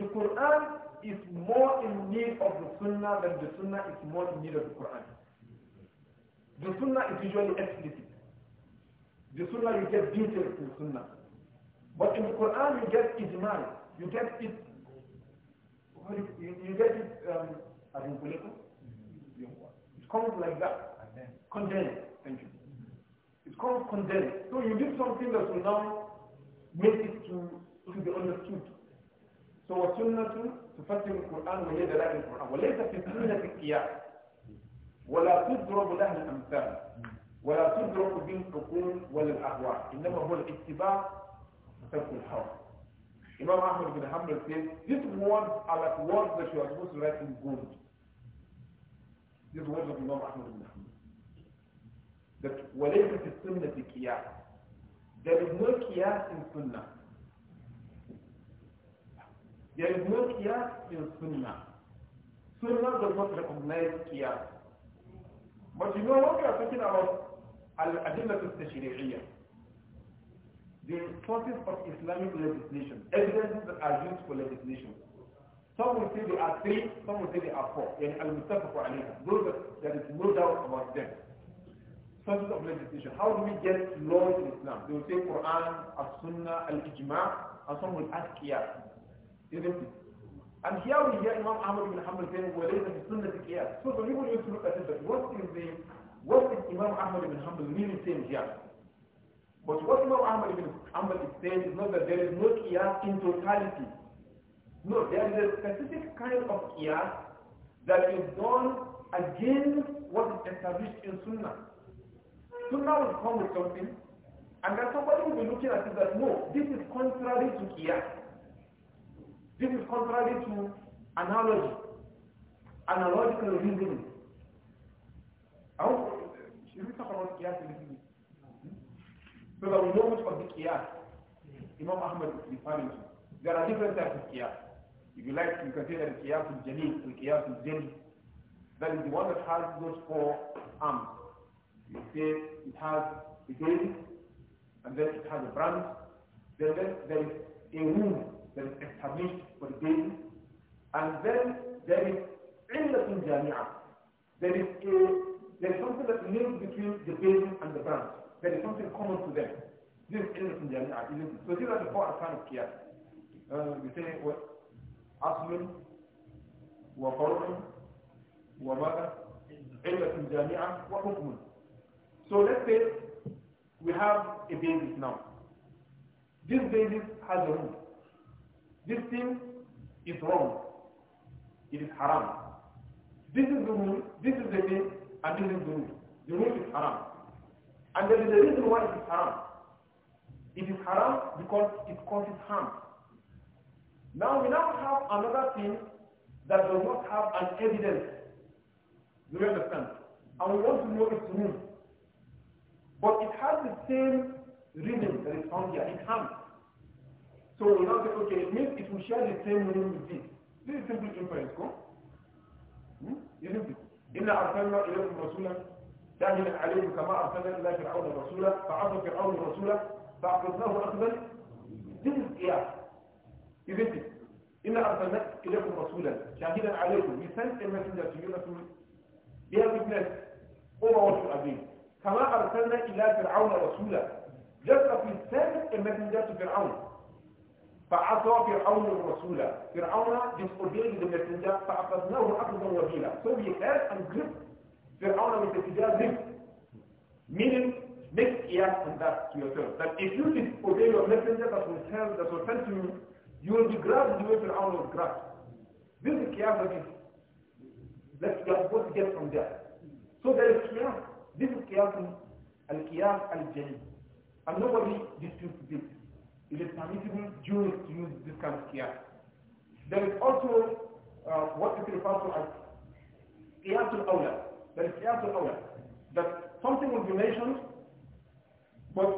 the Quran is more in need of the Sunnah than the Sunnah is more in need of the Quran. The Sunnah is usually explicit. The Sunnah you get details in Sunnah. But in the Quran, you get ijmal. You get it. You, get it. Um, as in political. It comes like that. Condemned. Thank you. It comes condemned. So you did something that will now make it to, to be understood. So والسنة تفسر القرآن وهي دلالة القرآن وليس في السنة القياس ولا تضرب له الأمثال ولا تضرب بالحكم ولا الأهواء إنما هو الاتباع equal house. Imam Ahmad bin Hanbal says, these words are like words that you are supposed to write in gold. These words of Imam Ahmad bin Hanbal. That the فِي السُنَّةِ قِيَاسٍ There is no qiyas in sunnah. There is no qiyas in sunnah. Sunnah does not recognize qiyas. But you know what we are talking about? al-tashiri'iyah. the sources of Islamic legislation, evidences that are used for legislation. Some will say they are three, some will say they are four, and al-mustafa for Those there is no doubt about them. Sources of legislation. How do we get laws in Islam? They will say Quran, As-Sunnah, Al-Ijma', and some will ask Qiyas. Isn't it? And here we hear Imam Ahmad bin Hanbal saying, Well, وَلَيْسَ بِسُنَّةِ قِيَاسٍ So some people used to look at it, but what is the, what is Imam Ahmad bin Hanbal really saying here? But what Imam Ahmad ibn Ahmad is saying is not that there is no qiyas in totality. No, there is a specific kind of qiyas that is done against what is established in Sunnah. Sunnah will come with something, and then somebody will be looking at it that, no, this is contrary to qiyas. This is contrary to analogy, analogical reasoning. I want, should we talk about qiyas in so that we know of the qiyas Imam Ahmad is referring to. There are different types of qiyas. If you like, you can say that qiyas is jalil and qiyas is jalil. That is the one that has those four arms. You see, it has a base, and then it has a branch. Then there is a room that is established for the base. And then there is illatun jami'ah. There is a, there is something that lives between the basin and the branch. There is something common to them. This is illness in jami'ah, illness. So these are the four arkan of qiyas. Uh, we say what? Aslun, wa farun, wa mada, illness in jami'ah, wa hukmun. So let's say we have a basis now. This basis has a rule. This thing is wrong. It is haram. This is the rule, this is the thing, and this is the rule. The rule is haram. And there is a reason why it is haram. It is haram because it causes harm. Now we now have another thing that does not have an evidence. Do you understand? And we want to know its name. But it has the same reason that is found here. It harms. So we now say, okay, it means it will share the same meaning with this. This is simply inference, go. Hmm? Isn't it? إِنَّا أَرْسَلْنَا إِلَيْكُمْ رَسُولًا داهنا عليهم كما أرسلنا إلى فرعون الرسول فعصى فرعون الرسول فأخذناه أخذا جزئيا إذن إنا أرسلنا إليكم رسولا شاهدا عليكم بسنة المسجد في يونس بها الناس وما وصل أبيه كما أرسلنا إلى فرعون رسولا جزء في الثالث المسجد فرعون فعصى فرعون الرسول فرعون disobeyed the messenger فأخذناه أخذا وبيلا so we أن and Fir'aun of the Hijaz Meaning, make qiyas on that to yourself. That if you disobey your messenger that was sent, that was sent to you, you will be grabbed the way Fir'aun was grabbed. This is qiyas of That's what you supposed to get from there. So there is qiyas. This is qiyas al-qiyas al-jali. And nobody disputes this. It is permissible Jews to use this kind of qiyas. There is also uh, what is referred to as qiyas al owner. There is qiyas of Allah. That something will be mentioned, but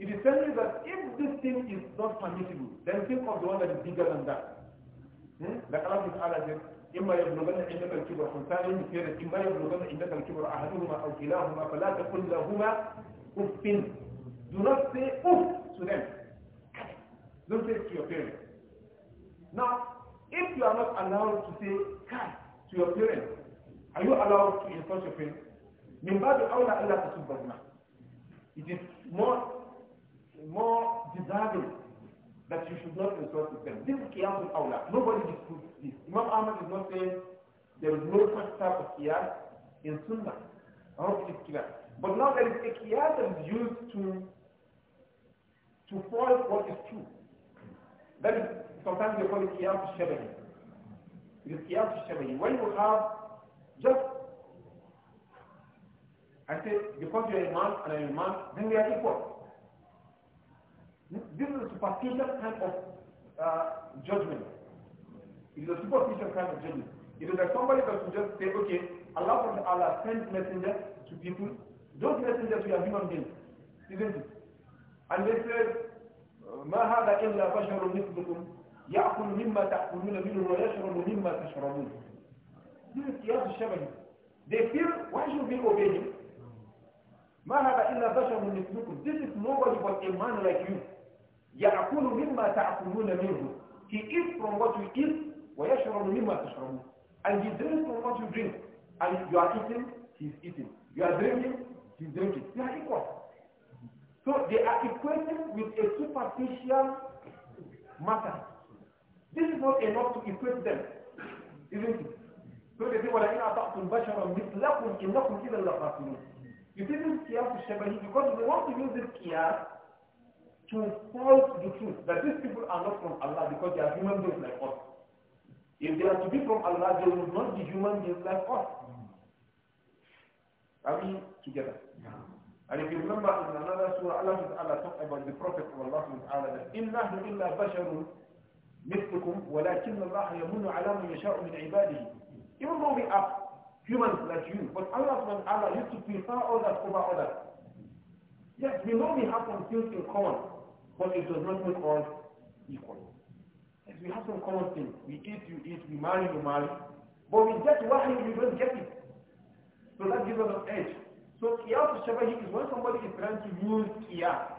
it is telling you that if this thing is not permissible, then think of the one that is bigger than that. Hmm? Like Allah Ta'ala says, إما يبلغن عندك الكبر حسان مثيرة إما يبلغن عندك الكبر أحدهما أو كلاهما فلا تقل لهما أف Do not say أف to them. Don't say it to your parents. Now, if you are not allowed to say kai to your parents, are you allowed to insult your parents? من باب أولى ألا تسب الماء. It is more, more desirable that you should not insult them. This is Qiyas al-Awla. Nobody disputes this. Imam Ahmad is not saying there is no such type of Qiyas in Sunnah. I hope it is clear. But now there is a Qiyas that is used to to follow what is true. That is sometimes they call it Qiyas al-Shabahi. It is Qiyas al-Shabahi. When you have just, I say, because you're a man and I'm a man, then we are equal. This is a superficial kind of uh, judgment. It is a superficial kind of judgment. It is like somebody that will just say, okay, Allah from Allah sends messengers to people. Those messengers we are human beings, isn't it? And they said, ما هذا إلا بشر مثلكم يأكل مما تأكلون منه ويشرب مما تشربون they feel, why should we obey him? ما هذا إلا بشر This is nobody but a man like you. He eats from what you eat ويشرب مما تشربون. And he drinks from what you drink. And you are eating, he's eating. You are drinking, he's drinking. They are equal. So they are equated with a superficial matter. This is not enough to equate them, isn't it? سورة دي ولئن أطعتم بشرا مثلكم إنكم إذا لخاسرون You didn't care for Shabani because we want to use this care to false the truth that these people are not from Allah because they are human beings like us. If they are to be from Allah, they will not be human beings like us. Are we together? Yeah. And if you remember in another surah, Allah Ta'ala talked about the Prophet of Allah Ta'ala that إِنَّهُ إِلَّا بَشَرٌ مِثْلُكُمْ وَلَكِنَّ اللَّهَ يَمُنُّ عَلَى مَنْ يَشَاءُ مِنْ عِبَادِهِ Even though we are humans like you, but Allah subhanahu wa used to prefer others over others. Yes, we know we have some things in common, but it does not make us equal. Yes, we have some common things. We eat, you eat, we marry, you marry. But we get why we don't get it. So that gives us an edge. So qiyas shabahi is when somebody is trying to use qiyas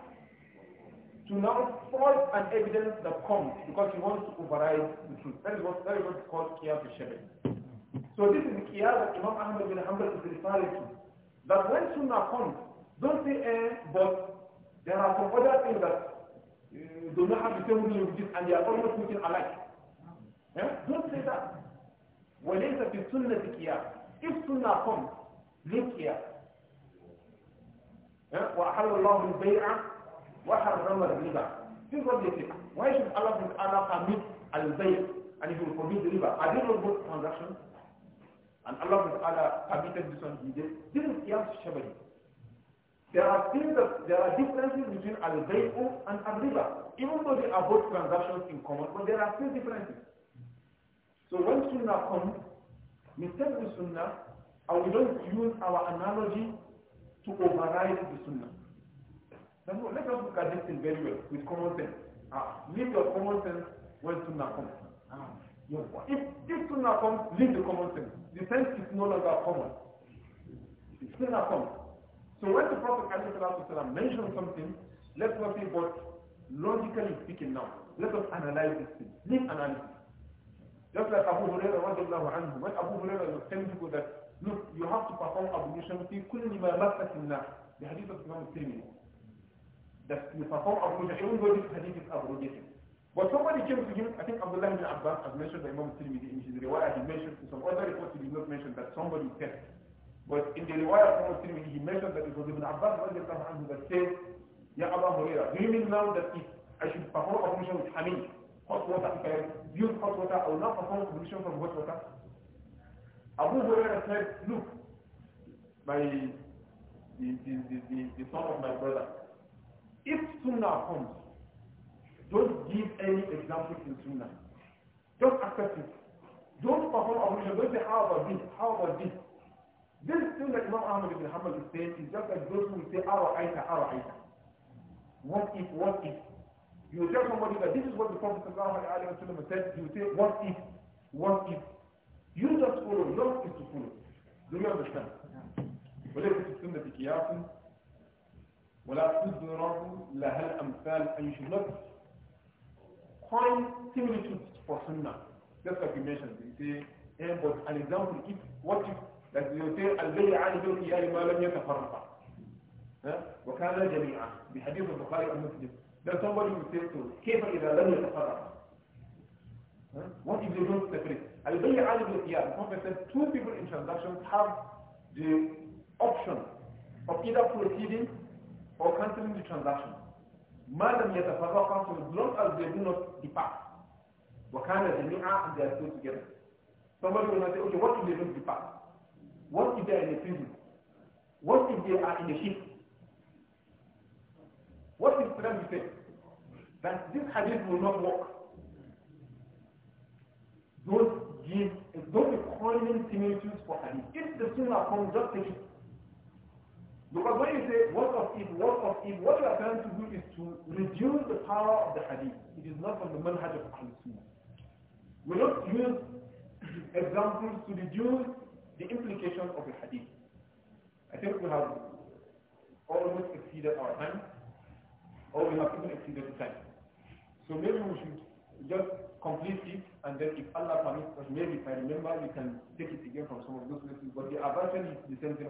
to now fault an evidence that comes because he wants to override the truth. That is what that is what's called qiyas shabahi. So this is the qiyas that Imam Ahmad bin Hanbal is referring to. That when Sunnah comes, don't say, eh, but there are some other things that uh, do not have the same and they are almost looking alike. Eh? Don't say that. وليس في eh? وأحل الله البيع وحرم الربا. And Allah Ta'ala permitted this one. He did. This is Qiyas Shabari. There are things that, there are differences between Al-Bay'u and Al-Riba. Even though they are both transactions in common, but there are still differences. So when Sunnah comes, we take the Sunnah and we don't use our analogy to override the Sunnah. let us look at this thing very well with common sense. Ah, leave your common sense when Sunnah comes. Ah, If, if Sunnah comes, leave the common sense. The sense is no longer common. It's still not common. So when the Prophet ﷺ mentioned something, let's not say, but logically speaking now, let us analyze this thing. Deep analysis. Just like Abu Hurairah radiallahu anhu, when Abu Hurairah was telling people that, look, you have to perform ablution fi kulli ma masat The hadith of Imam Tirmidhi. That you perform ablution, even though this hadith is abrogated. But somebody came to him, I think Abdullah ibn Abbas has mentioned by Imam Tirmidhi in his riwayah, he mentioned, in some other reports he did not mention that somebody said. But in the riwayah of Imam Tirmidhi, he mentioned that it was Ibn Abbas that said, Ya Abu Huraira, do you mean now that if I should perform ablution with honey, hot water, if I use hot water, I will not perform ablution from hot water? Abu Huraira said, look, my, the, the, the, the son of my brother, if sunnah comes, Don't give any examples in Sunnah. Don't accept it. Don't perform mission. Don't say, how about this? How about this? This thing that Imam Ahmad ibn Hanbal is saying is just like those who say, our Ara'aita. What if, what if? You tell somebody that this is what the Prophet said, you say, what if, what if? You just follow, don't is to follow. Do you understand? وليس في السنة قياس ولا تدرك لها الأمثال أن يشبه find similitudes for Sunnah. Just like you mentioned, you say, yeah, but an example, if, what if, that you say, الذي عن ذو الإيال ما لم يتفرق وكان جميعا بحديث البخاري ومسلم Then somebody will say to كيف إذا لم يتفرق What if they don't separate? الذي عن ذو الإيال, the Prophet said, two people in transactions have the option of either proceeding or cancelling the transaction. Madam Yatafaqa as long as they do not depart. Wakana Jami'a and they are still together. Somebody will not say, okay, what if they don't depart? What if they are in a prison? What if they are in a ship? What is Islam say? That this hadith will not work. Don't give, don't be calling similitudes for hadith. If the sunnah comes, just take it. Because when you say, what of if, what of if, what you are trying to do is to reduce the power of the hadith. It is not from the manhaj of al Sunnah. We don't use examples to reduce the implication of the hadith. I think we have almost exceeded our time, or we have even exceeded the time. So maybe we should just complete it, and then if Allah permits maybe if I remember, we can take it again from some of those places. But the advantage is the same thing.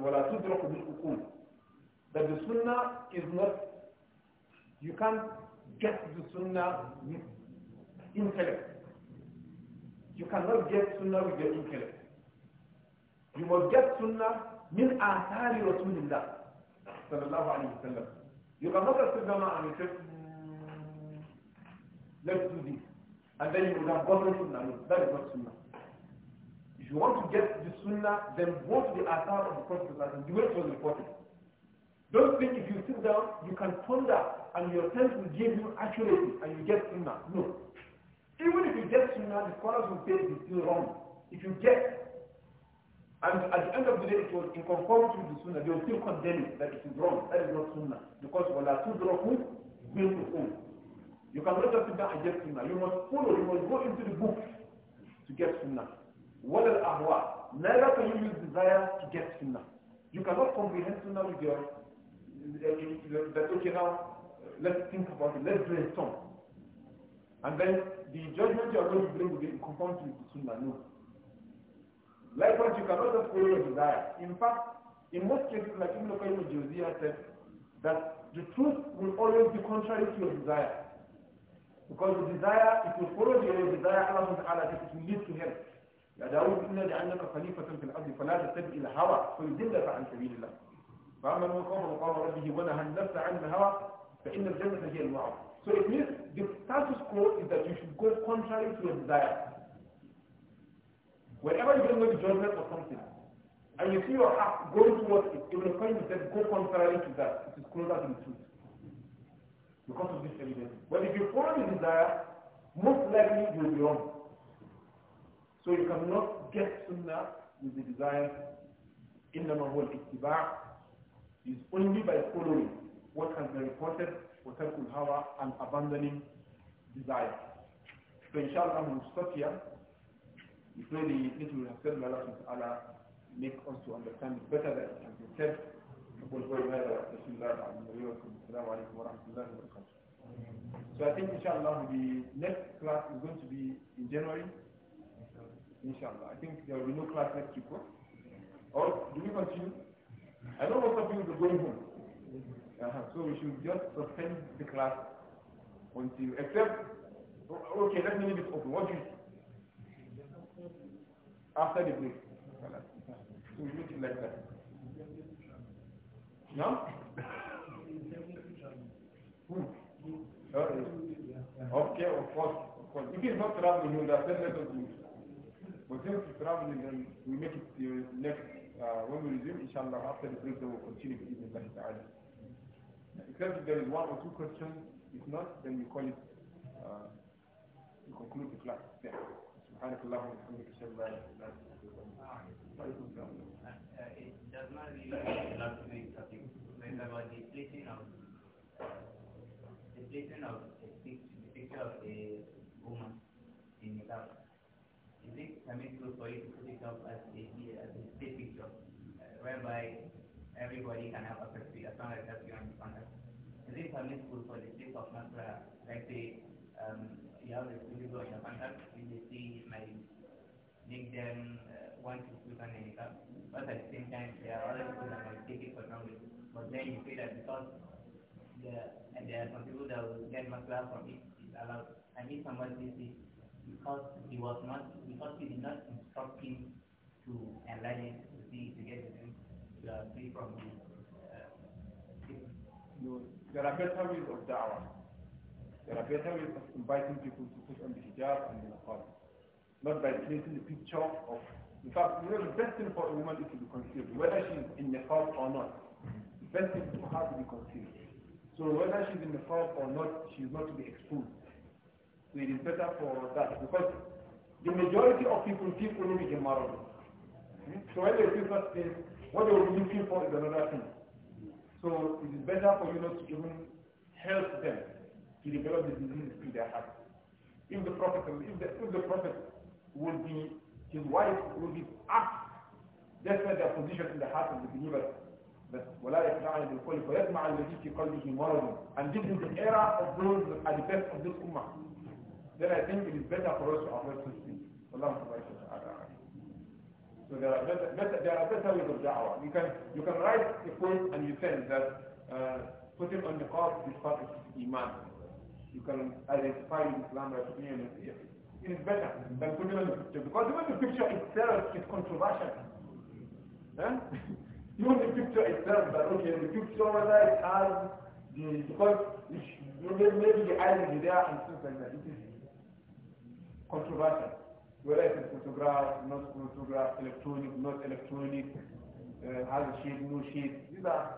That the sunnah is not, you can't get the sunnah with intellect. You cannot get sunnah with your intellect. You must get sunnah min athari Rasulullah sallallahu alayhi wa sallam. You cannot sit down and say, hmm, let's do this. And then you would have gotten sunnah. No, that is not sunnah. If you want to get the sunnah, then go to the athar of the Prophet. The way it was reported. Don't think if you sit down, you can ponder and your sense will give you accuracy and you get sunnah. No. Even if you get sunnah, the scholars will say it's still wrong. If you get, and at the end of the day it was in conformity with the sunnah, they will still condemn it that it is wrong, that is not sunnah. Because when wala tudrahu bil You cannot just sit down and get sunnah. You must follow, you must go into the book to get sunnah. Wala al-ahwa. Neither can you use desire to get sunnah. You cannot comprehend sunnah with your that okay now let's think about it, let's brainstorm. And then the judgment you are going to bring will be in conformity with the Sunnah. No. Likewise, you cannot just follow your desire. In fact, in most cases, like Ibn Qayyim Jawziyah said, that the truth will always be contrary to your desire. Because the desire, if you follow your desire, Allah subhanahu wa ta'ala it will lead to hell. يا داود إنا جعلناك خليفة في الأرض فلا تتبع الهوى فيضلك عن سبيل الله ربه ونهى النفس عن الهوى فإن الجنة هي So it means the status quo is that you should go contrary to your desire. Whenever you're going to judgment or something, and you see your heart going towards it, it will find that go contrary to that. It is closer to the truth. Because of this evidence. But if you follow the desire, most likely you will be wrong. So you cannot get sunnah with the desire. إنما هو الاتباع is only by following what has been reported for Tarkul Hawa and abandoning desire. So inshallah we will stop here. We pray the little we have said, Allah subhanahu make us to understand it better than it has been said. So I think inshallah the next class is going to be in January. Inshallah. I think there will be no class next week. Or do we continue? I know most of people to go home. Uh -huh. So we should just suspend the class until, except, okay, let me leave it open. What do you After the break. So we make it like that. No? hmm. okay, of course, of course. If it's not traveling, you understand, let us do it. But since it's traveling, then we make it uh, next uh, when we resume, inshallah, after the break, we'll continue with Ibn Ta'ala. Except if there is one or two questions, if not, then we call it, uh, we conclude the class سبحانك اللهم وبحمدك اشهد ان لا اله الا انت استغفرك It does not really last week topic the placing of the of a of a woman in Nepal. Is it permissible for you to it up as a as a whereby everybody can have accuracy as long as that's beyond standard. Is this permissible for the chief of Nasra, like say, um, you have a individual in a contract, and they see my might make them uh, want to put on a niqab, but at the same time, there are other people that might take it for knowledge. But then you say that because the, and there are some people that will get masla from it, it's allowed. I mean, somebody sees it because he was not, because he did not instruct him to enlighten, to see, to get the uh, from there are better ways of da'wah. There are better ways of inviting people to put on the hijab and the niqab. Not by placing the picture of... In fact, you know, the best thing for a woman is to be concealed, whether she's in niqab or not. The best thing for her to be concealed. So whether she's in niqab or not, she's not to be exposed. So it is better for that, because the majority of people keep only with the marabou. So when they do such things, what they will be looking for is another thing. So it is better for you not to even help them to develop the disease in their heart. If the prophet, if the, if the prophet would be, his wife would be asked, that's not their position in the heart of the believer. But وَلَا يَسْمَعَنِ بِالْقَوْلِ فَيَسْمَعَ him one of them And this is the era of those at the best of this ummah. Then I think it is better for us to avoid such things. Allah so there are, better, there are better ways of da'wah. You can, you can write a quote and you send that uh, putting on the cause is part of iman. You can identify Islam by putting on it. It is better than putting on the picture because even the picture itself is controversial. Huh? even the picture itself, but okay, the picture like has the, because maybe the eyes are there and things like that. It is controversial. ولا الفوتوغراف نوت فوتوغراف الكترونيك نوت الكترونيك آه، هذا الشيء مو شيء بما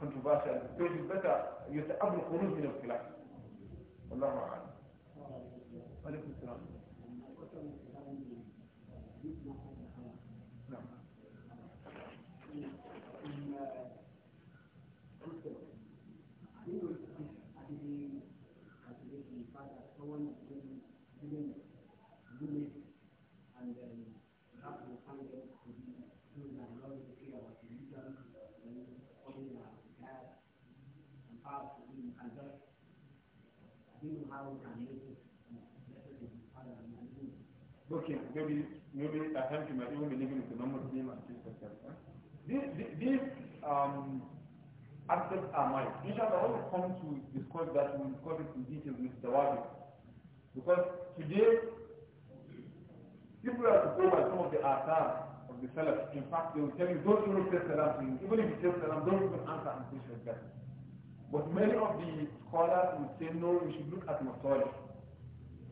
controversial يجب بدا يتقبل الخروج من الخلاف والله اعلم وعليكم السلام maybe maybe at times you might even be living with the normal muslim and things like that. These, um, aspects are mine. Inshallah, I we come to discuss that, we discuss it in detail with the Wajib. Because today, people are to go by some of the athar of the Salaf. In fact, they will tell you, don't even say salam to him. Even if you say salam, don't even answer and things like that. But many of the scholars will say, no, we should look at Masoli.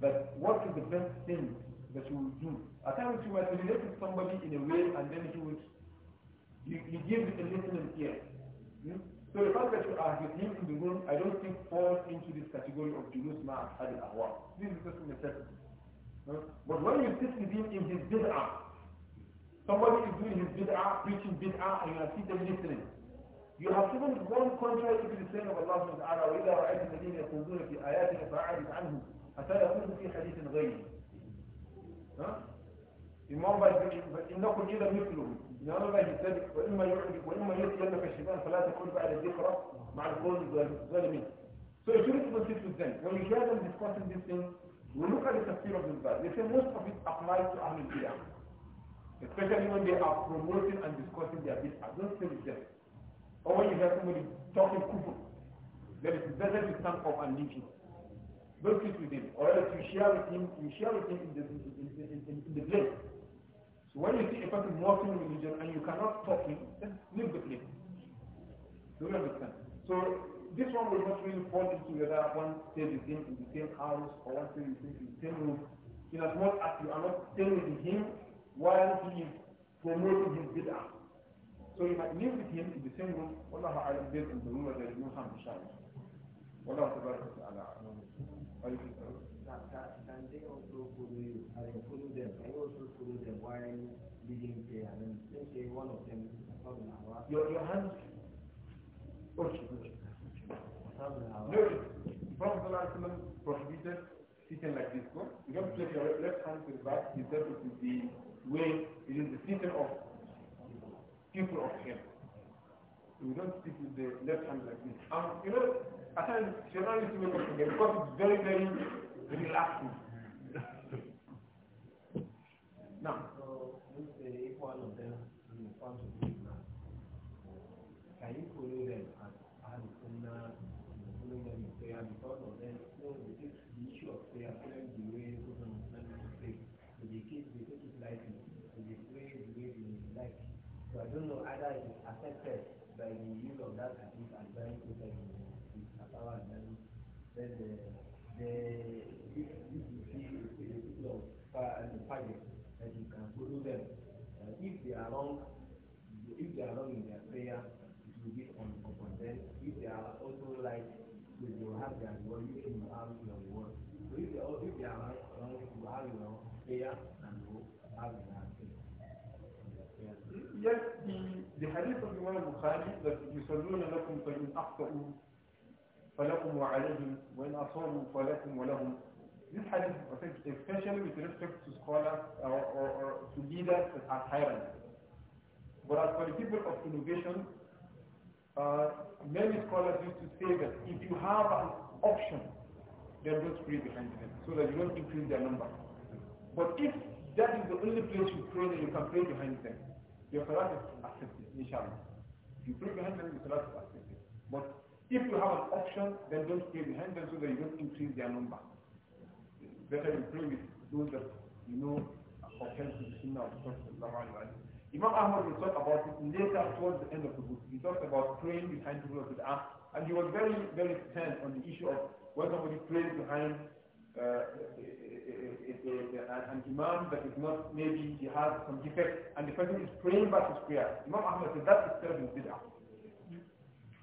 But what is the best thing that you will do. At times you might relate with somebody in a way and then you would you, you give it a listening ear. Hmm? So the fact that you are with him in the room, I don't think falls into this category of Julus Ma'at al Ahwa. This is just a necessity. Hmm? But when you sit with him in his bid'ah, somebody is doing his bid'ah, preaching bid'ah, and you are sitting listening. You have given one contrary to the saying of Allah subhanahu wa ta'ala, وَإِذَا رَأَيْتَ الَّذِينَ يَقُولُونَ فِي آيَاتِنَا فَأَعْرِضْ عَنْهُمْ حَتَّى يَقُولُوا فِي حَدِيثٍ غَيْرِ ها إمام بعد إذا مثلهم إنما وإما وإما الشيطان فلا تكون بعد الذكرى مع القول الظالمين So it shouldn't consist with them. When you hear them discussing these things, we look at the tafsir of this verse. They say most of it applies to Ahlul Bid'ah. Especially when they are promoting and discussing their bid'ah. Don't stay with them. Or when you hear somebody talking kufr, then it's better to stand up and leave him do with him, or else you share with him, you share with him in the, in, in, in the place. So when you see a person walking religion and you cannot stop him, then leave the place. Do you understand? So this one will not really fall into whether one stays with him in the same house or one stays with him in the same room. In as much as you are not staying with him while he is promoting his bid'ah. So you might live with him in the same room, Allah A'lam, based on the rumor that you have, inshallah. Wallahu Tabaraka Ta'ala. I Your, your hands? Oh, no, prohibited sitting like this. You don't place your left hand to the back. He said the way, it is the sitting of people of him. You don't sit with the left hand like this. Um, you know, Aten, se nan yon kime kote, gen kote veli veli rilakou. Nan, nou, mwen se ekwa anote an, mwen fante mwen. يأتي لحديث الإمام البخاري يصلون لكم فإن أخطأوا فلكم وعليهم وإن أصابوا فلكم ولهم This hadith I think especially with respect to scholars or, or, or to leaders and tyrants. But as for the people of innovation, uh, many scholars used to say that if you have an option, then don't pray behind them so that you don't increase their number. But if that is the only place you pray, then you can pray behind them. Your salat is accepted, inshallah. If you pray behind them, your salat is accepted. But if you have an option, then don't stay behind them so that you don't increase their number. It's better you play with those that you know offend to the Sunnah of the Prophet. Imam Ahmad will talk about it later towards the end of the book. He talked about praying behind people of the arm. And he was very, very stern on the issue of whether somebody prays behind uh, an imam that is not, maybe he has some defect, and the person is praying back his prayer. Imam Ahmad said that is itself is bid'ah.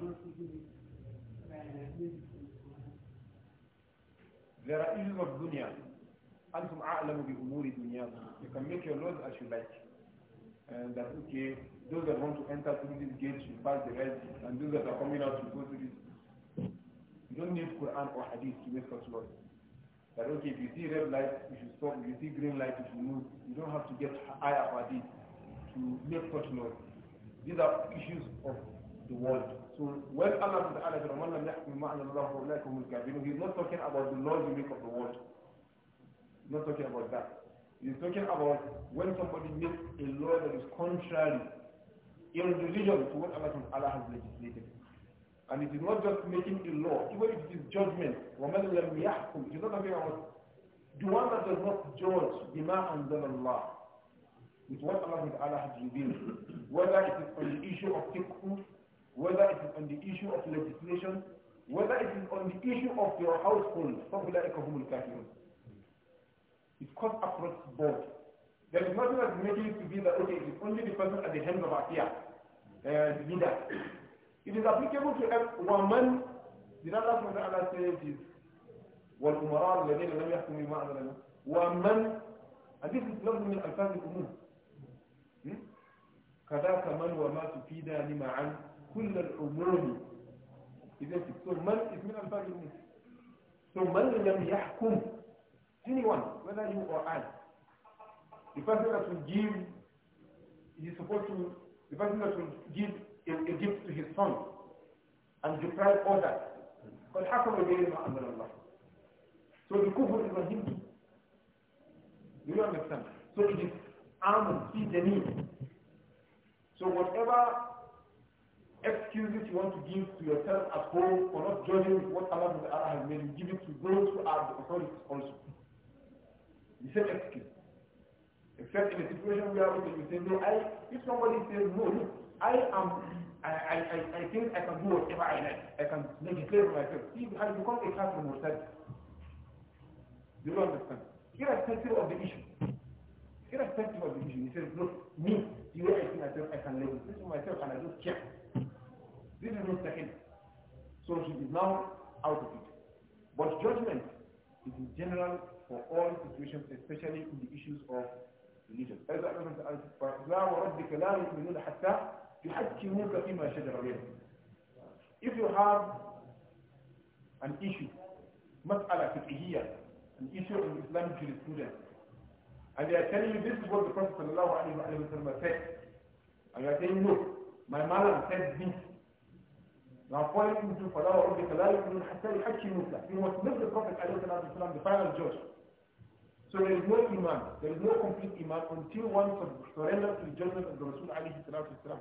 There are issues of dunya. You can make your laws as you like. And that okay, those that want to enter through this gate should pass the red, and those that are coming out should go through this. You don't need Quran or Hadith to make such laws. That okay, if you see red light, you should stop. If you see green light, you should move. You don't have to get high on Hadith to make such laws. These are issues of the world. So when Allah Ta'ala said, وَمَنْ لَمْ يَحْكُمْ مَعْنَ اللَّهُ أُولَٰئِكَ الْكَافِرُونَ He's not talking about the laws you make of the world. He's not talking about that. He's talking about when somebody makes a law that is contrary in religion to what Allah Ta'ala has legislated. And it is not just making a law, even if it is judgment. وَمَنْ لَمْ يَحْكُمْ It is not talking about the one that does not judge بِمَا أَنزَلَ اللَّهُ with what Allah has revealed. Whether it is on the issue of tikkun whether it is on the issue of legislation, whether it is on the issue of your household, It cut across the board. There is nothing that's making it to be that, okay, it is only the person at the helm of Afia, uh, the leader. It is applicable to one man. Did Allah subhanahu say it is, وَالْأُمَرَاءُ الَّذِينَ لَمْ يَحْكُمُوا بِمَا أَنزَلَ اللَّهُ وَمَنْ And this is love من ألفاظ الأمور. كذاك من وما تفيد لمعا كل العموم إذا ثم الاسم من ألفاظ المسلم ثم لم يحكم anyone whether you or I the person that will give he is supposed to the person that will give a, a gift to his son and deprive others قد حكم بغير ما أنزل الله so the kufr is on him too do you understand so it is armed في جميل so whatever excuses you want to give to yourself at home for not judging what Allah Ta'ala has made you, give it to those who are the authorities also. The same excuse. Except in a situation where you say, no, I, if somebody says, no, look, I am, I, I, I, think I can do whatever I like. I can legislate myself. See, has become a class from yourself. Do you understand? Irrespective of the issue. Irrespective of the issue. He says, look, me, the way I see myself, I can legislate myself and I don't care. This is not end, So she is now out of it. But judgment is in general for all situations, especially in the issues of religion. As I mentioned, فَلَا وَرَبِّكَ لَا يُؤْمِنُونَ حَتَّى يُحَكِّمُوكَ فِيمَا شَجَرَ بَيْنَهُمْ If you have an issue, mas'ala fiqhiyya, an issue in Islamic jurisprudence, and they are telling you this is what the Prophet said, and you are saying, no, my mother said this, العفوان يكون مثل فلا وربك لا يكون حتى يحكي موسى he was with the Prophet عليه الصلاة والسلام the final judge so there is no iman there is no complete iman until one surrenders to the judgment of the Rasul عليه الصلاة والسلام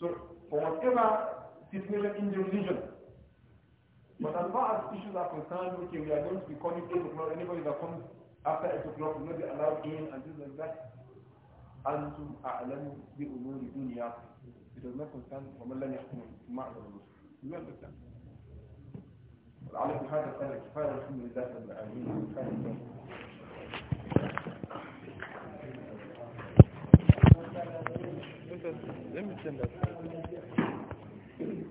so for whatever situation in the religion but as far as issues are concerned okay we are going to be calling 8 o'clock anybody that comes after 8 o'clock will not be allowed in and things like that أنتم أعلم بأمور دنياكم إذا لم يكن كان ومن لم يحكم معبد الرسل يوجد كان وعليكم هذا الثاني كفاية الحمد لله رب العالمين كفاية الحمد لله